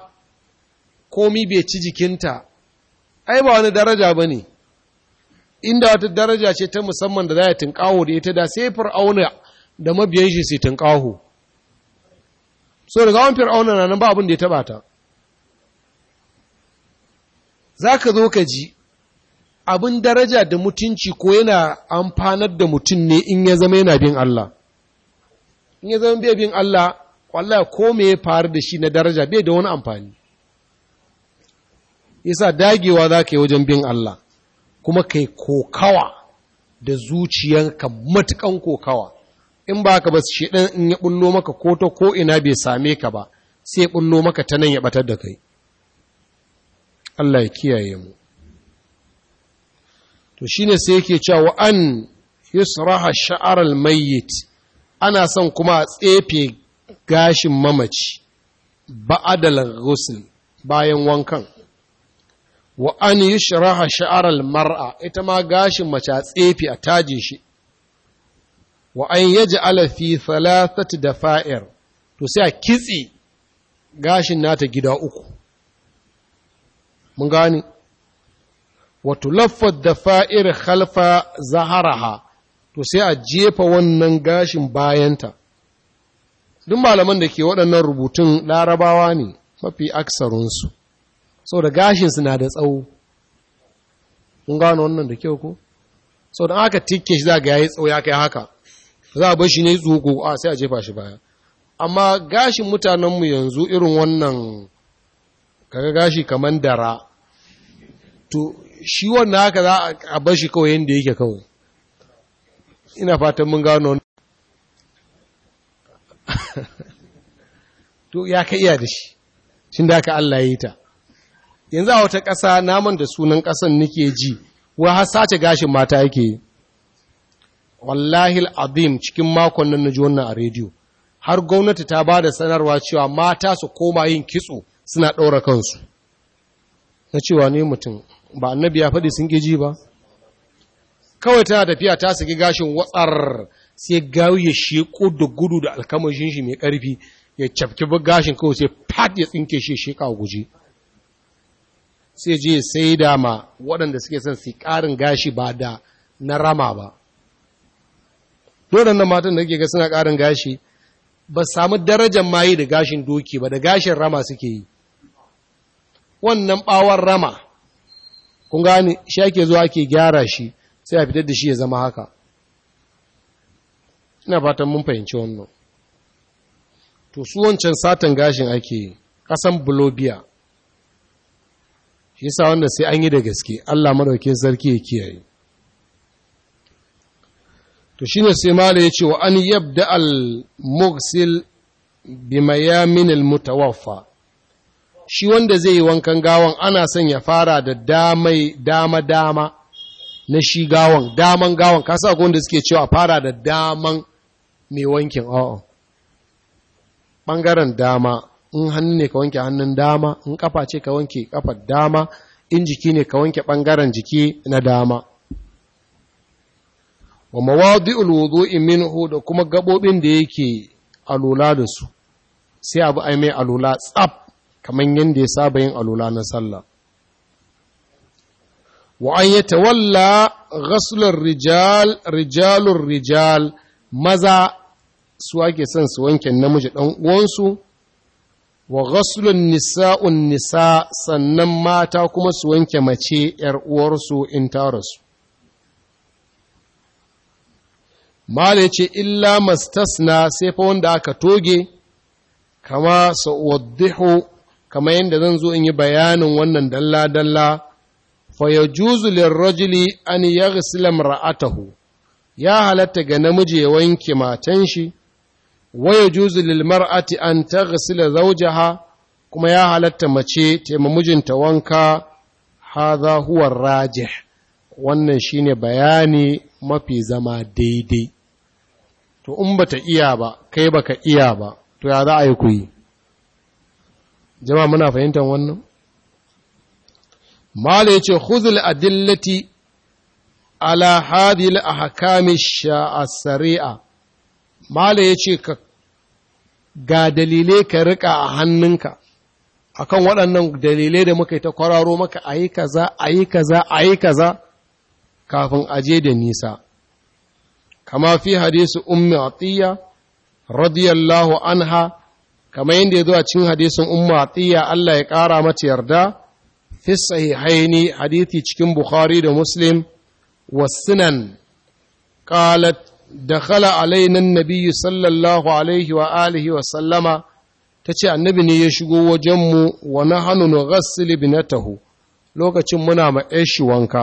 komi bai ci jikinta ai ba wani daraja ba ne inda wata daraja ce ta musamman da za a tunƙaho da ita da sai fir'auna da mabiyan shi sai tunƙaho so daga wani fir'auna na nan ba abin da ya taba ta za ka zo ka ji abin daraja da mutunci ko yana amfanar da mutum ne in ya zama yana bin Allah in ya zama bai bin Allah wallahi ko me ya faru da shi na daraja bai da wani amfani yasa dagewa za ka yi wajen bin Allah kuma ka yi kokawa da zuciyanka matukan kokawa in ba ka ba ɗan in ya bullo maka ko ta ko ina bai same ka ba sai ya maka ta nan ya ɓatar da kai Allah ya kiyaye mu to shine sai yake cewa an yusraha sha'ar sha'arar mayyit ana son kuma a tsefe gashin mamaci ba'adal ghusl bayan wankan wa an sha'arar sha'ar mara ita ma gashin mace a tsefe a taje shi wa an alafi fi da fa'ir, to sai a kitse gashin nata gida uku mun gane wa da dafa'ir khalfa zaharaha to sai a jefa wannan gashin bayanta duk malaman da ke waɗannan rubutun larabawa ne mafi aksarunsu, sau da gashinsu na da tsawo mun gano wannan da kyau ko sau da aka tike shi za ga yayi tsawo ya kai haka za a bar shi ne tsoko a sai a jefa shi baya amma gashin mutanenmu yanzu irin wannan kaga gashi kamar dara to shi wannan haka za a bashi shi kawai yadda yake kawai ina fatan mun gano to ya ka iya da shi shin da aka Allah ya yi ta yanzu a wata ƙasa naman da sunan ƙasan nake ji wa har sace gashin mata yake yi wallahi azim cikin makon nan ji wannan a rediyo har gwamnati ta ba da sanarwa cewa mata su koma yin kitso suna ɗaura kansu na cewa ne mutum ba annabi ya faɗi sun ji ba kawai tana tafiya ta saki gashin watsar sai gawi ya sheko da gudu da alkamashin shi mai ƙarfi ya cafki gashin kawai sai fat ya tsinke shi sheka guje sai je sai da ma waɗanda suke son su ƙarin gashi ba da na rama ba doron nan matan da ke ga suna ƙarin gashi ba samu darajar mayi da gashin doki ba da gashin rama suke yi wannan ɓawon rama kun gani shi ake zuwa ke gyara shi sai a fitar da shi ya zama haka ina fatan mun fahimci wannan to su wancan satan gashin ake yi ƙasan bulobiya shi sa wanda sai an yi da gaske allah maɗauki sarki ya kiyaye to shine sai mala ya ce wa an yabda al mughsil bi mayamin al mutawaffa shi wanda zai yi wankan gawan ana son ya fara da damai dama dama na shi gawan daman gawan kasa sa wanda suke cewa a fara da daman mai wankin a'a ɓangaren dama in hannu ne ka wanke hannun dama in kafa ce ka wanke kafar dama in jiki ne ka wanke ɓangaren jiki na dama wa mawadi'ul wudu'i minhu da kuma gabobin da yake alula da su sai abu ai mai alula tsab kamar yadda ya saba yin alula na sallah wa an yatawalla ghaslur rijal rijalur rijal maza su ake son su wanke namiji dan uwansu wa ghaslun nisa'un nisa sannan mata kuma su wanke mace ‘yar uwarsu in ta rasu. mala ya ce illa mastasna sai fa wanda aka toge kama sa'uwaddihu kama yadda zan zo in yi bayanin wannan dalla-dalla fa ya juzu lirrajuli an ya ra'atahu ya halatta ga namiji ya wanke matan shi wa ya juzu lilmar'ati an ta zaujaha kuma ya halatta mace taima mijinta wanka za huwar rajih wannan shine bayani mafi zama daidai to in ba ta iya ba kai baka iya ba to ya za a yi ku yi jama'a muna fahimtar wannan mala yace huzul adillati ala hadil a ahkam ash sari'a mala yace ce ga dalilai ka rika a hannunka akan waɗannan dalilai da muka yi ta kwararo maka ayi kaza ayi kaza ayi kaza kafin aje da nisa kama fi hadisi ummi atiya radiyallahu anha kama yadda ya a cikin hadisin ummi atiya Allah ya ƙara mata yarda fi sahihaini hadisi cikin bukhari da muslim wasunan qalat dakhala alaina an sallallahu alaihi wa alihi wa sallama tace annabi ne ya shigo wajenmu wa nahnu nughassilu binatahu lokacin muna ma shi wanka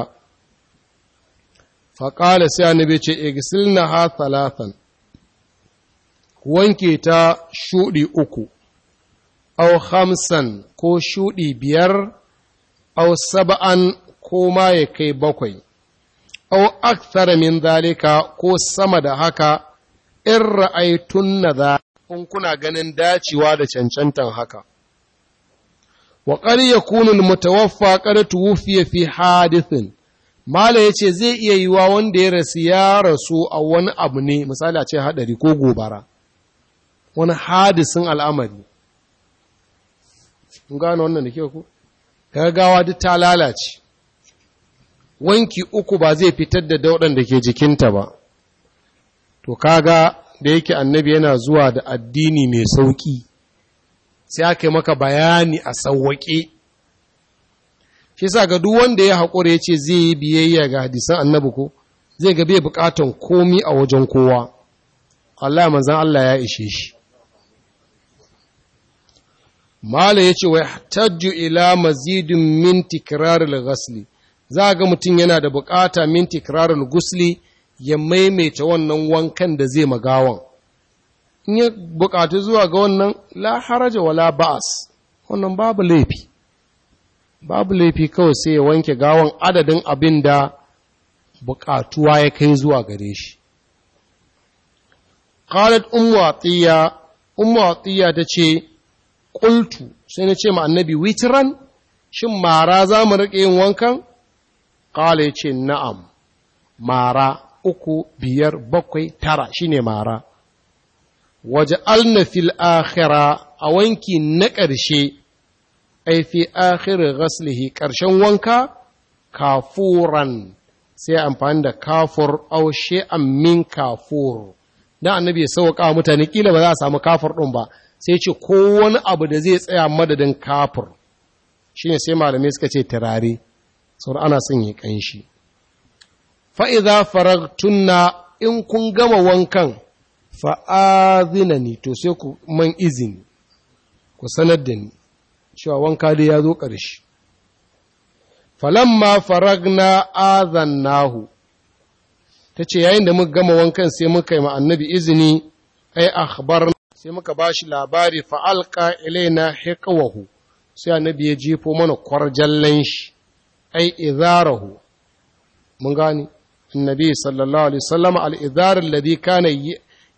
faƙala sai annabi ce igsilna ha talatan wanke ta shuɗi uku au hamsan ko shuɗi biyar au saba'an ko ma ya kai bakwai au akthara min zalika ko sama da haka in ra'aitun na za in kuna ganin dacewa da cancantan haka wa ƙari ya kunun mutawaffa ƙar tuwufiya fi hadithin mala ya ce zai iya yi wa wanda ya rasu ya rasu a wani abu ne misali a ce haɗari ko gobara wani hadisun al'amari kun gano wannan da ke ku Gagawa duk ta lalace wanki uku ba zai fitar da daudan da ke jikinta ba to kaga da yake annabi yana zuwa da addini mai sauƙi. sai aka yi maka bayani a sauwaƙe shi sa ga duk wanda ya haƙura ya ce zai yi biyayya ga hadisan annabi ko zai ga bai buƙatan komi a wajen kowa Allah manzan Allah ya ishe shi Mala ya ce wa tajju ila mazidin min tikraril ghasli za ga mutum yana da buƙata min tikraril gusli ya maimaita wannan wankan da zai magawan in ya buƙatu zuwa ga wannan la haraja wala ba'as wannan babu laifi babu laifi kawai sai ya wanke gawan adadin abin da bukatuwa ya kai zuwa gare shi qalat umwatsiya atiya ta ce, tace sai na ce ma annabi witiran. shin mara za mu riƙe yin wankan qala ce, na'am mara uku biyar bakwai tara shi ne mara waje alna fil akhira a wanki na ƙarshe ai fi akhir ghaslihi karshen wanka kafuran sai amfani da kafur au shay'an min kafur dan annabi ya sauka mutane kila ba za a samu kafur din ba sai ce ko wani abu da zai tsaya madadin kafur shine sai malamai suka ce turare saboda ana son ya kanshi fa idza faragtunna in kun gama wankan fa azinani to sai ku man izini ku sanar da ni cewa wanka dai ya zo ƙarshe falamma faragna azannahu ta ce yayin da muka gama wankan sai muka yi ma annabi izini ai akhbar sai muka ba shi labari fa'alka ilaina hikawahu sai annabi ya jefo mana kwarjallen shi ai izarahu mun gani annabi sallallahu alaihi wasallam al-izar alladhi kana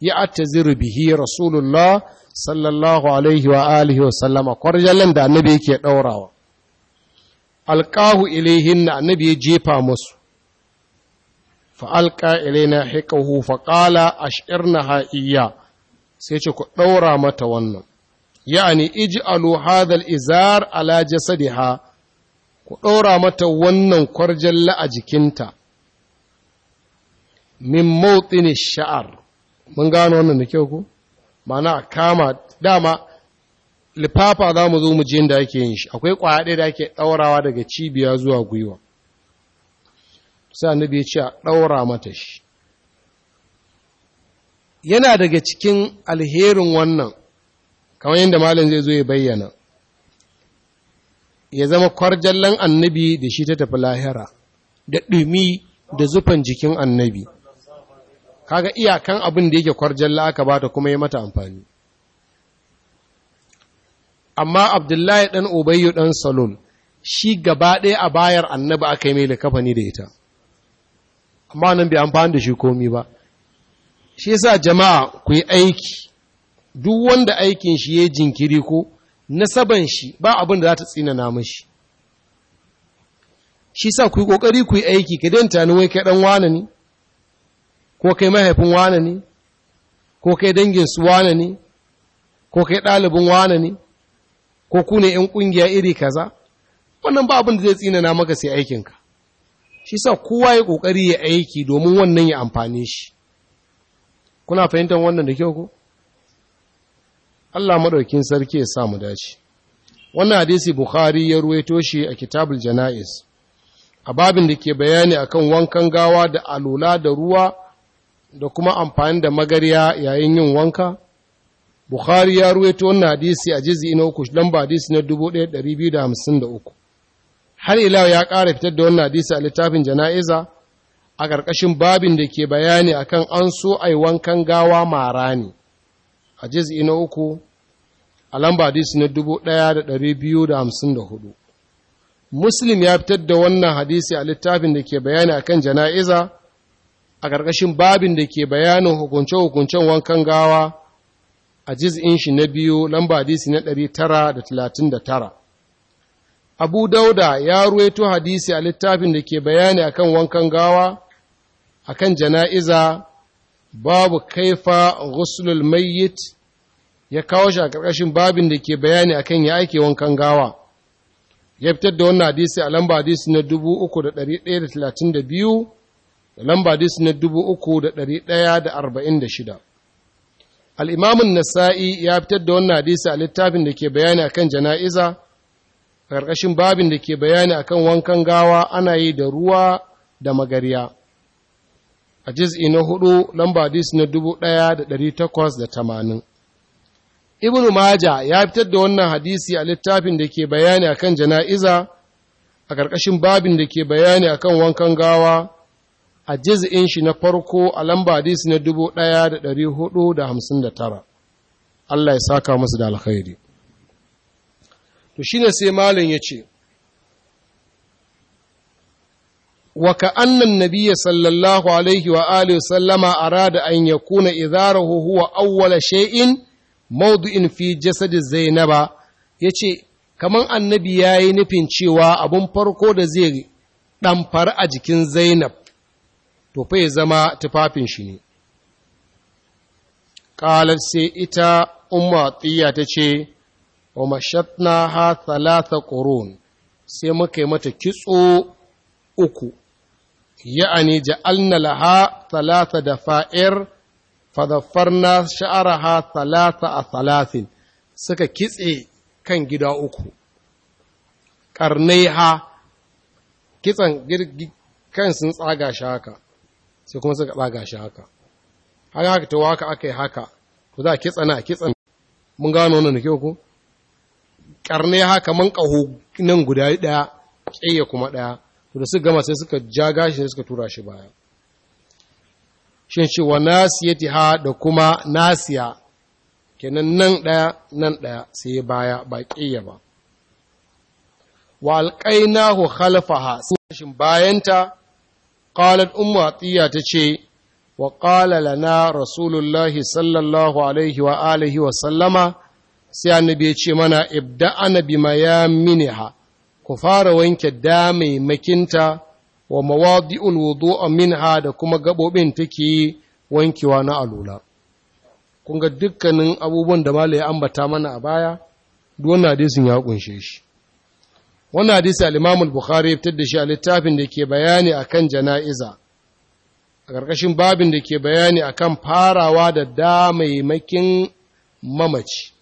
ya'taziru bihi rasulullah sallallahu alaihi wa alihi wa sallama kwarjallan da annabi yake ɗaurawa alƙahu ilaihin na annabi ya jefa musu fa'alƙa ilaina haikahu faƙala a shirna ha'iyya sai ce ku ɗaura mata wannan ya'ani iji hadhal izar ala jasadiha ku ɗaura mata wannan kwarjalla a jikinta min mautsini sha'ar mun gano wannan da kyau ku mana kama dama lifafa za mu zo mu je da ake yin shi akwai ɗaya da ake ɗaurawa daga cibiya zuwa gwiwa sai annabi ya ce a ɗaura mata shi yana daga cikin alherin wannan kamar yadda malam zai zo ya bayyana ya zama kwarjallan annabi da shi ta tafi lahira da ɗumi da zufan jikin annabi kaga iyakan abin da yake La'aka aka ta kuma ya mata amfani amma abdullahi ɗan ubayyu ɗan Salon shi gaba ɗaya a bayar annabi aka yi mai likafani da ita amma nan bai amfani da shi komi ba shi yasa jama'a ku yi aiki duk wanda aikin shi ya yi jinkiri ko nasaban shi ba abin da za ta tsinana mashi shi sa ku yi ƙoƙari ku yi aiki ka danta ni wai ka ɗan wane ne ko kai mahaifin wane ne ko kai dangin su wane ne ko kai ɗalibin wane ne ko ku ne ‘yan ƙungiya iri kaza wannan ba abin da zai tsinana maka sai aikinka shi sa kowa ya ƙoƙari ya aiki domin wannan ya amfane shi kuna fahimtar wannan da kyau ko Allah maɗaukin sarki ya samu dace wannan hadisi bukhari ya ruwaito shi a kitabul jana'iz a babin da ke bayani akan wankan gawa da alula da ruwa da kuma amfani da magarya yayin yin wanka Bukhari ya ruwaito wannan hadisi a jizi na uku lamba hadisi na 1253 har ila ya ƙara fitar da wannan hadisi a littafin jana'iza a ƙarƙashin babin da ke bayani akan an so a yi wankan gawa mara ne a jizi na uku a lamba hadisi na 1254 Muslim ya fitar da wannan hadisi a littafin da ke bayani akan jana'iza a ƙarƙashin babin da ke bayanin hukunce-hukuncen wankan gawa a jiz'in shi na biyu lamba hadisi na tara. Abu Dauda ya ruwaito hadisi a littafin da ke bayani a kan wankan gawa, a kan jana'iza, babu kaifa ghuslul mayyit ya kawo shi a ƙarƙashin babin da ke bayani a kan ya aike wankan gawa. Ya fitar da wannan hadisi a lamba hadisi na 3132 da lamba arba'in na shida al'imamun nasa'i ya fitar da wannan hadisi a littafin da ke bayani a kan jana'iza a ƙarƙashin babin da ke bayani a kan wankan gawa ana yi da ruwa da magarya a jiz'i na hudu lamba hadis na tamanin. Ibn maja ya fitar da wannan hadisi a littafin da ke bayani akan jana'iza a ƙarƙashin babin da ke bayani akan wankan gawa a jiz'in shi na farko a lamba hadisi na 1459 Allah ya saka musu da alkhairi to shine sai malin yace wa annan Nabiya sallallahu alaihi wa alihi sallama arada an yakuna idharahu huwa awwala shay'in mawdu'in fi jasadi zainaba yace kaman annabi yayi nufin cewa abun farko da zai ɗamfar a jikin zainab to fa zama tufafin shi ne ƙalar sai ita umma tsiya ta ce wa mashatna ha thalatha qurun sai muka yi mata kitso uku ya'ani ja'alna laha thalatha dafa'ir sha'ara ha talata a talatin, suka kitse kan gida uku ƙarnai ha kitsan kan sun tsaga shaka. haka sai kuma suka ɓaga shi haka har haka ta waka aka yi haka to za a kitsana a kitsana mun gano wannan kyau ko karne haka man ƙaho nan guda ɗaya tsaye kuma ɗaya, to da suka gama sai suka ja gashi sai suka tura shi baya shin ce wa ha da kuma nasiya kenan nan ɗaya nan ɗaya sai baya ba ƙiyya ba wa alƙainahu khalfaha Sai bashin bayanta qalat ummu atiya tace wa qala lana rasulullahi sallallahu alaihi wa alihi wa sallama sai annabi ya ce mana ibda'ana bi mayaminha ku fara wanke damaimakinta wa mawadi'ul wudu'a minha da kuma gabobin take wankewa na alula kun ga dukkanin abubuwan da malai ya ambata mana a baya duk wannan hadisin ya kunshe shi wannan hadisi al-Imam al-Bukhari ya fitar da shi a littafin da ke bayani akan jana'iza a ƙarƙashin babin da ke bayani akan farawa da damaimakin mamaci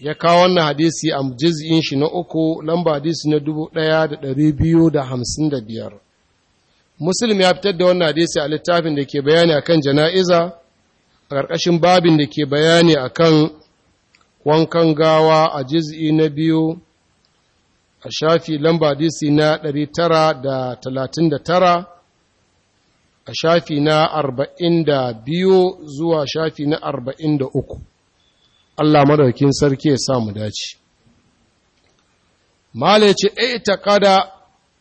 ya kawo wannan hadisi a juz'in shi na uku lamba hadisi na 1255 Muslim ya fitar da wannan hadisi a littafin da ke bayani akan jana'iza a ƙarƙashin babin da ke bayani akan wankan gawa a juz'i na biyu a shafi lamba disi na 939 a shafi na 42 zuwa shafi na 43 Allah madaukin sarki ya mu dace malaci ce ita kada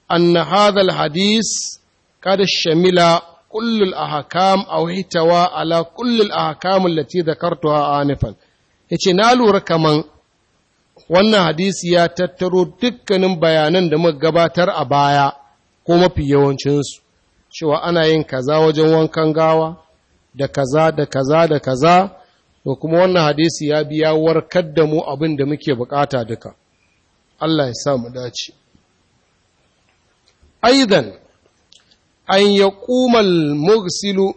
an hadal hadis kada shamila ahkam aw hitawa ala kullul ahkam allati dhakartuha anifan yace na lura kaman. wannan hadisi ya tattaro dukkanin bayanan da muka gabatar a baya ko mafi yawancinsu cewa ana yin kaza wajen wankan gawa da kaza da kaza da kaza to kuma wannan hadisi ya biya warkar da mu abin da muke bukata duka Allah ya sa mu dace aidan an ya al-mughsilu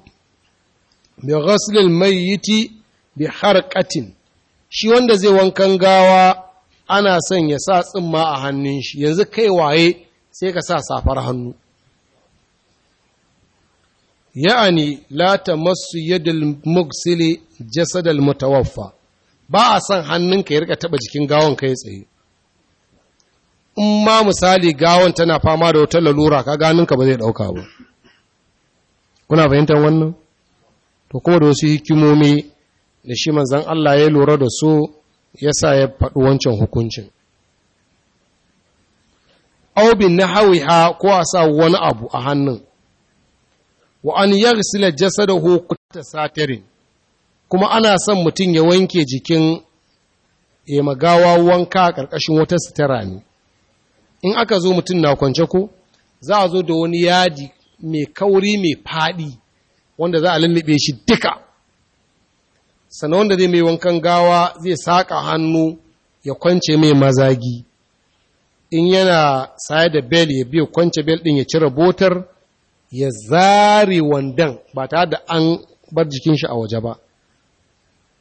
bi ghasl al-mayyit bi harqatin shi wanda zai wankan gawa ana son ya sa tsimma a hannun shi yanzu kai waye sai ka sa safar hannu ya'ani la masu yadul mugsili jasadal mutawaffa ba a son hannunka ya rika taba jikin gawon kai tsaye in ma misali gawon tana fama da wata lalura ka ganinka ba zai dauka ba kuna fahimtar wannan to kuma da wasu hikimomi da shi manzan Allah ya lura da su ya sa ya faɗi wancan hukuncin aubin na hawiha ko a sa wani abu a hannun wa an jasa da kuta satirin kuma ana son mutum ya wanke jikin ya magawa wanka a ƙarƙashin wata sitara ne in aka zo mutum na kwance ku? za a zo da wani yadi mai kauri mai faɗi wanda za a lullube shi duka sannan wanda zai mai wankan gawa zai saƙa hannu ya kwance mai mazagi in yana saye da bel ya biya kwance bel ɗin ya cire botar ya zare wandan ba tare da an bar jikin shi a waje ba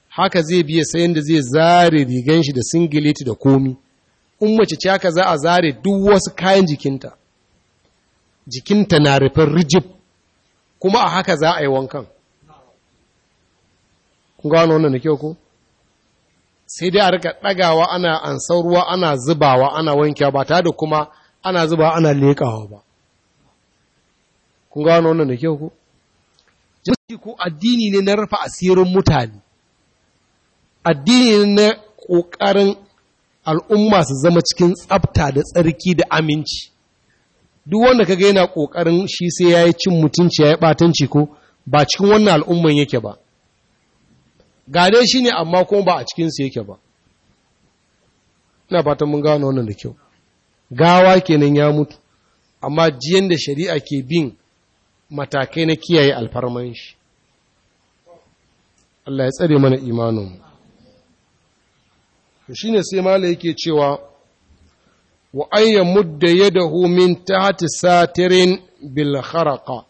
haka zai biya sayan da zai zare rigan shi da singileti da komi in mace ce haka za a zare duk wasu kayan jikinta jikinta na rufin rijib kuma a haka za a yi wankan Kunga gano wannan da kyau ko sai dai a rika ɗagawa ana ansan ruwa ana zubawa ana wankewa ba ta da kuma ana zuba ana leƙawa ba kun gano wannan da kyau ko jami'i ko addini ne na rafa asirin mutane addini ne na ƙoƙarin al'umma su zama cikin tsabta da tsarki da aminci duk wanda kaga yana ƙoƙarin shi sai ya yi cin mutunci ya yi ɓatanci ko ba cikin wannan al'umman yake ba gare shi ne amma kuma ba a cikinsu yake ba ina fatan mun gano wannan da kyau gawa kenan ya mutu amma jiyan da shari'a ke bin matakai na kiyaye alfarman shi Allah ya tsare mana imaninmu to shine sai mala yake cewa wa ayyan mudda dahu min tahti satirin bil kharaqa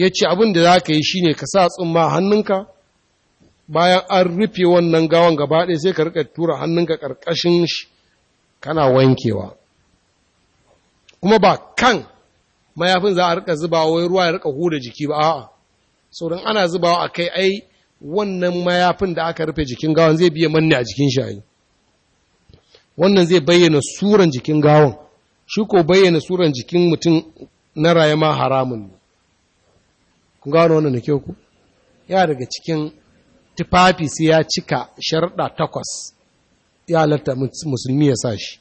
yace abin da zaka yi shine ka sa tsumma hannunka bayan an rufe wannan gawan gaba ɗaya sai ka rika tura hannunka ƙarƙashin shi kana wankewa kuma ba kan mayafin za a riƙa zubawa wai ruwa ya riƙa huda jiki ba a'a don ana zubawa a kai ai wannan mayafin da aka rufe jikin gawan zai biya manne a jikin shayi wannan zai bayyana suran jikin gawan shi ko bayyana suran jikin mutum na raye ma haramun ne kun gano wannan da kyau ku ya daga cikin tufafi sai ya cika sharɗa takwas ya halatta musulmi ya sa shi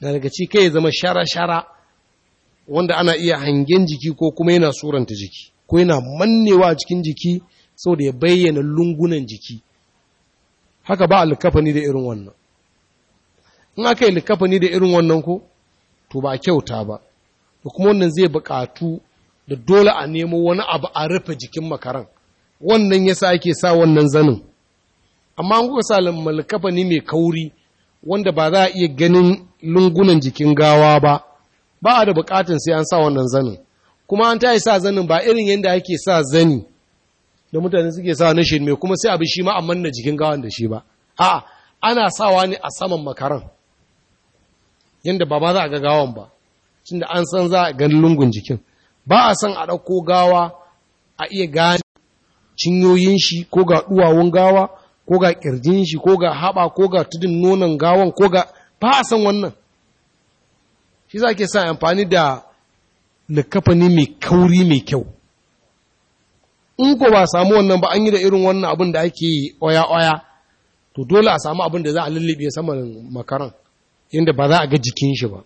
na daga ci kai zama shara-shara wanda ana iya hangen jiki ko kuma yana suranta jiki ko yana mannewa a cikin jiki saboda ya bayyana lungunan jiki haka ba alkafani da irin wannan in aka yi likafani da irin wannan ko to ba a kyauta ba da kuma wannan zai bukatu da dole a nemo wani abu a rufe jikin makaran wannan yasa ake sa wannan zanin amma an kuka sa malkafa ne mai kauri wanda ba za a iya ganin lungunan jikin gawa ba ba a da bukatun sai an sa wannan zanin kuma an yi sa zanin ba irin yadda ake sa zani da mutane suke sa na shirme kuma sai abin shi ma amman na jikin gawan da shi ba a'a ana sawa ne a saman makaran yadda ba ma za a ga gawan ba tunda an san za a ganin lungun jikin ba a san a ɗauko gawa a iya gane cinyoyin shi ko ga duwawun gawa ko ga kirjin shi ko ga haɓa ko ga tudun nonon gawan ko ga ba a san wannan shi za ke sa amfani da likafani mai kauri mai kyau in ko ba samu wannan ba an yi da irin wannan abin da ake yi oya-oya to dole a samu abin da za a lullube saman makaran inda ba za a ga jikin shi ba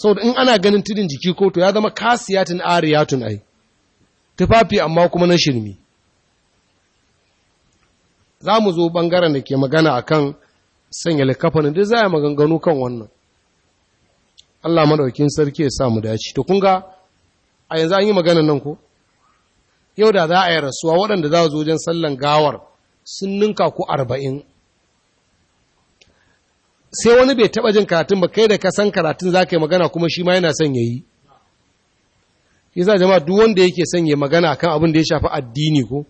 sau da in ana ganin tudun jiki ko to ya zama kasiyatin ariyatun ai tufafi amma kuma na shirmi za mu zo ɓangaren da ke magana a kan sanya likafanin duk za a maganganu kan wannan Allah madaukin sarki ya sa dace to kunga a yanzu an yi magana nan ko yau da za a yi rasuwa waɗanda za zo wajen sallan gawar sun ninka ku arba'in sai wani bai taɓa jin karatun ba kai da ka san karatun za ka yi magana kuma shi ma yana son ya yi yasa jama'a duk wanda yake sanya magana kan abin da ya shafi addini ko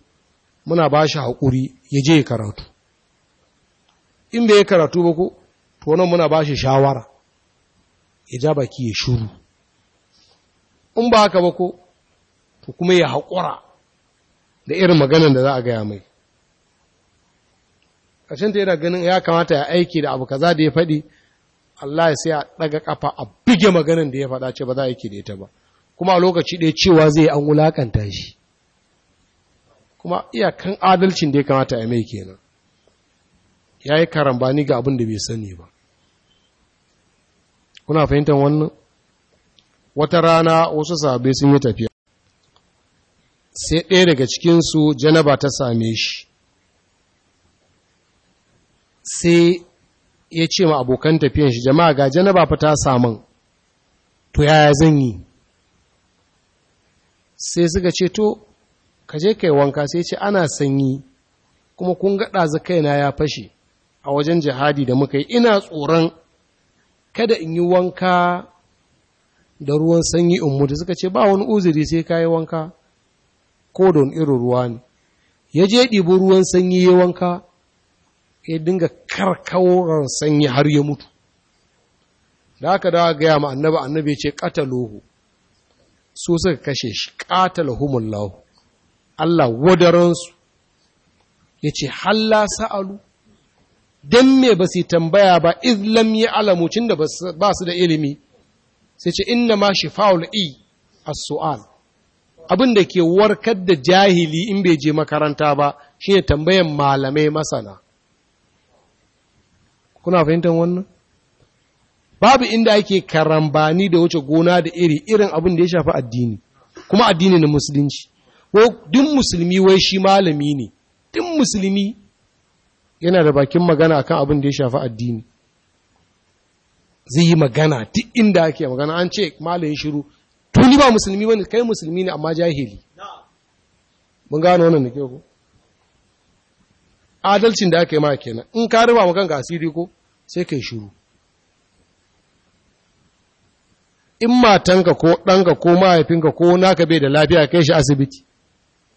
muna ba shi haƙuri ya je ya karatu in bai karatu ba ko to nan muna ba shi shawara ya ja baki ya shuru in ba haka ba ko to kuma ya haƙura da irin maganar da za a gaya mai ƙarshen ta yana ganin ya kamata ya aiki da abu kaza da ya faɗi Allah ya sai a ɗaga ƙafa a buge maganar da ya faɗa ce ba za a aiki da ita ba kuma a lokaci ɗaya cewa zai an wulaƙanta shi kuma iyakan adalcin da ya kamata a mai kenan ya yi karambani ga abin da bai sani ba kuna fahimtar wannan wata rana wasu sabai sun yi tafiya sai ɗaya daga cikinsu janaba ta same shi sai ya ce ma abokan tafiyan shi jama'a ga janaba fa ta samun to yaya zan yi sai suka ce to ka je kai wanka sai ce ana sanyi kuma kun ga ɗazu kaina ya fashe a wajen jihadi da muka yi ina tsoron kada in yi wanka da ruwan sanyi in mutu suka ce ba wani uziri sai ka yi wanka ko da wani irin ruwa ne ya je ɗibo ruwan sanyi ya wanka ya dinga karkawar sanyi har ya mutu da aka dawa gaya ma annaba annabi ce ƙatalohu su suka kashe shi humullahu Allah wadaransu yace halla sa'alu Don me ba su tambaya ba izlam ya alamucin da ba su da ilimi sai ce inna ma shifaul i a sual abin da ke warkar da jahili in bai je makaranta ba shine tambayan malamai masana kuna fahimtar wannan babu inda ake karambani da wuce gona da iri irin abin da ya shafi addini kuma addini na musulunci ko duk musulmi wai shi malami ne duk musulmi yana da bakin magana akan abin da ya shafi addini zai yi magana duk inda ake magana an ce malamin shiru tuni ba musulmi bane kai musulmi ne amma jahili mun gano wannan ne ko adalcin da aka yi ma kenan in ka riba magan ga asiri ko sai kai shiru in matanka ko ɗanka ko mahaifinka ko naka bai da lafiya kai shi asibiti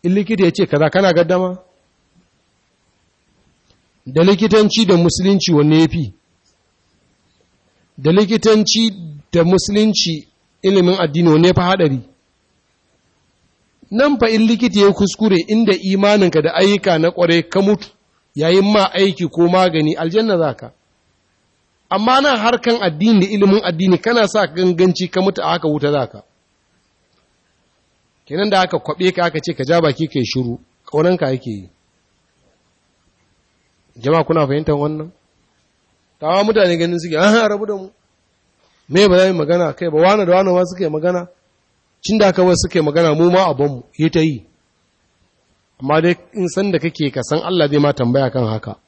in likita ya ce kaza kana gaddama da likitanci da musulunci wanne ya fi da likitanci da musulunci ilimin addini wanne ya fi haɗari nan fa in likita ya kuskure inda imaninka da ayyuka na ƙwarai ka mutu yayin ma aiki ko magani aljanna za ka amma nan harkan addini da ilimin addini kana sa ganganci ka mutu a haka wuta za ka kenan da aka kwaɓe ka aka ce ka ja baki kai shiru ƙaunanka yake yi jama'a kuna fahimtar wannan tawa mutane ganin suke an rabu da mu me ba za yi magana kai ba wani da wani ma suke magana cin da aka wasu suke magana mu ma abon mu ya ta yi amma dai in san da kake ka san Allah zai ma tambaya kan haka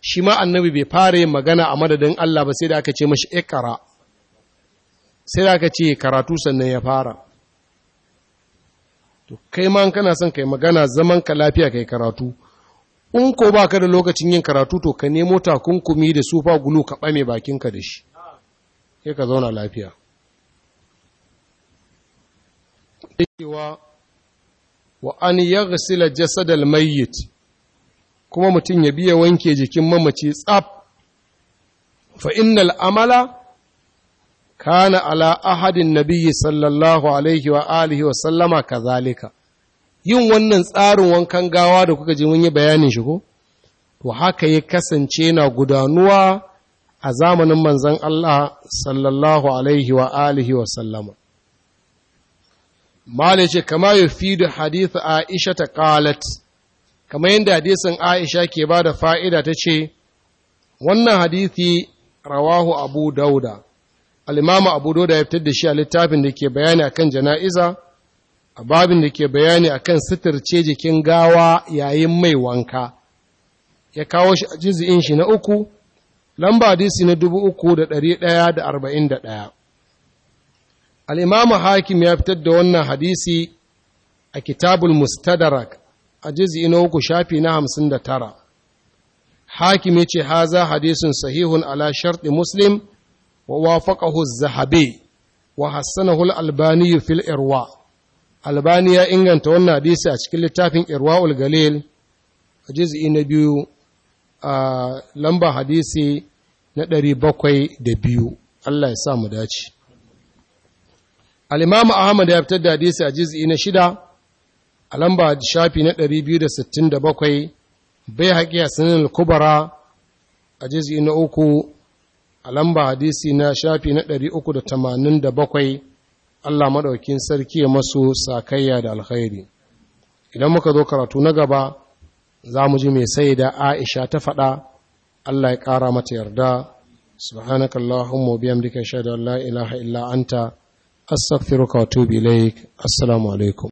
shi ma annabi bai fara yin magana a madadin Allah ba sai da aka ce mashi ikara sai da aka ce karatu sannan ya fara to kai ma kana son kai magana zaman ka lafiya kai karatu in ko baka da lokacin yin karatu to ka nemo takunkumi da sufa gulu ka bame bakinka da shi sai ka zauna lafiya wa an yaghsila jasadal mayyit kuma mutum ya biya wanke jikin mamaci tsaf fa innal amala kana ala ahadin nabiyyi sallallahu alaihi wa alihi wa sallama kazalika yin wannan tsarin wankan gawa da kuka ji mun yi bayanin shi ko to haka ya kasance na gudanuwa a zamanin manzon Allah sallallahu alaihi wa alihi wa sallama malaje kama yufidu hadith aisha ta qalat kamar yadda hadisin Aisha ke ba da fa'ida ta ce, Wannan hadithi rawahu Abu Dauda, alimama Abu Dauda ya fitar da shi a littafin da ke bayani a kan jana'iza, a babin da ke bayani a kan sitirce jikin gawa yayin mai wanka, ya kawo shi a jizi'in shi na uku, lamba hadisi na dubu uku da ɗari ɗaya da arba'in da ɗaya. Al'imamu Hakim ya fitar da wannan hadisi a Kitabul Mustadarak a jizi na uku shafi na hamsin da tara hakim ya ce haza hadisun sahihun ala sharɗi muslim wa wafaqahu zahabe wa hassana hul albani fil irwa albani ya inganta wannan hadisi a cikin littafin irwa galil a jizi na biyu a lamba hadisi na ɗari bakwai da biyu Allah ya sa mu dace al'imamu ahmad ya fitar da hadisi a jizi na shida a lamba shafi na 267 bai haƙi a sanin kubara a jizi na uku a lamba hadisi na shafi na 387 Allah maɗaukin sarki ya masu sakayya da alkhairi idan muka zo karatu na gaba za mu ji mai sai da aisha ta faɗa Allah ya ƙara mata yarda subhanakallahumma wa bihamdika اشهد ان la ilaha illa anta استغفرك واتوب اليك السلام عليكم alaikum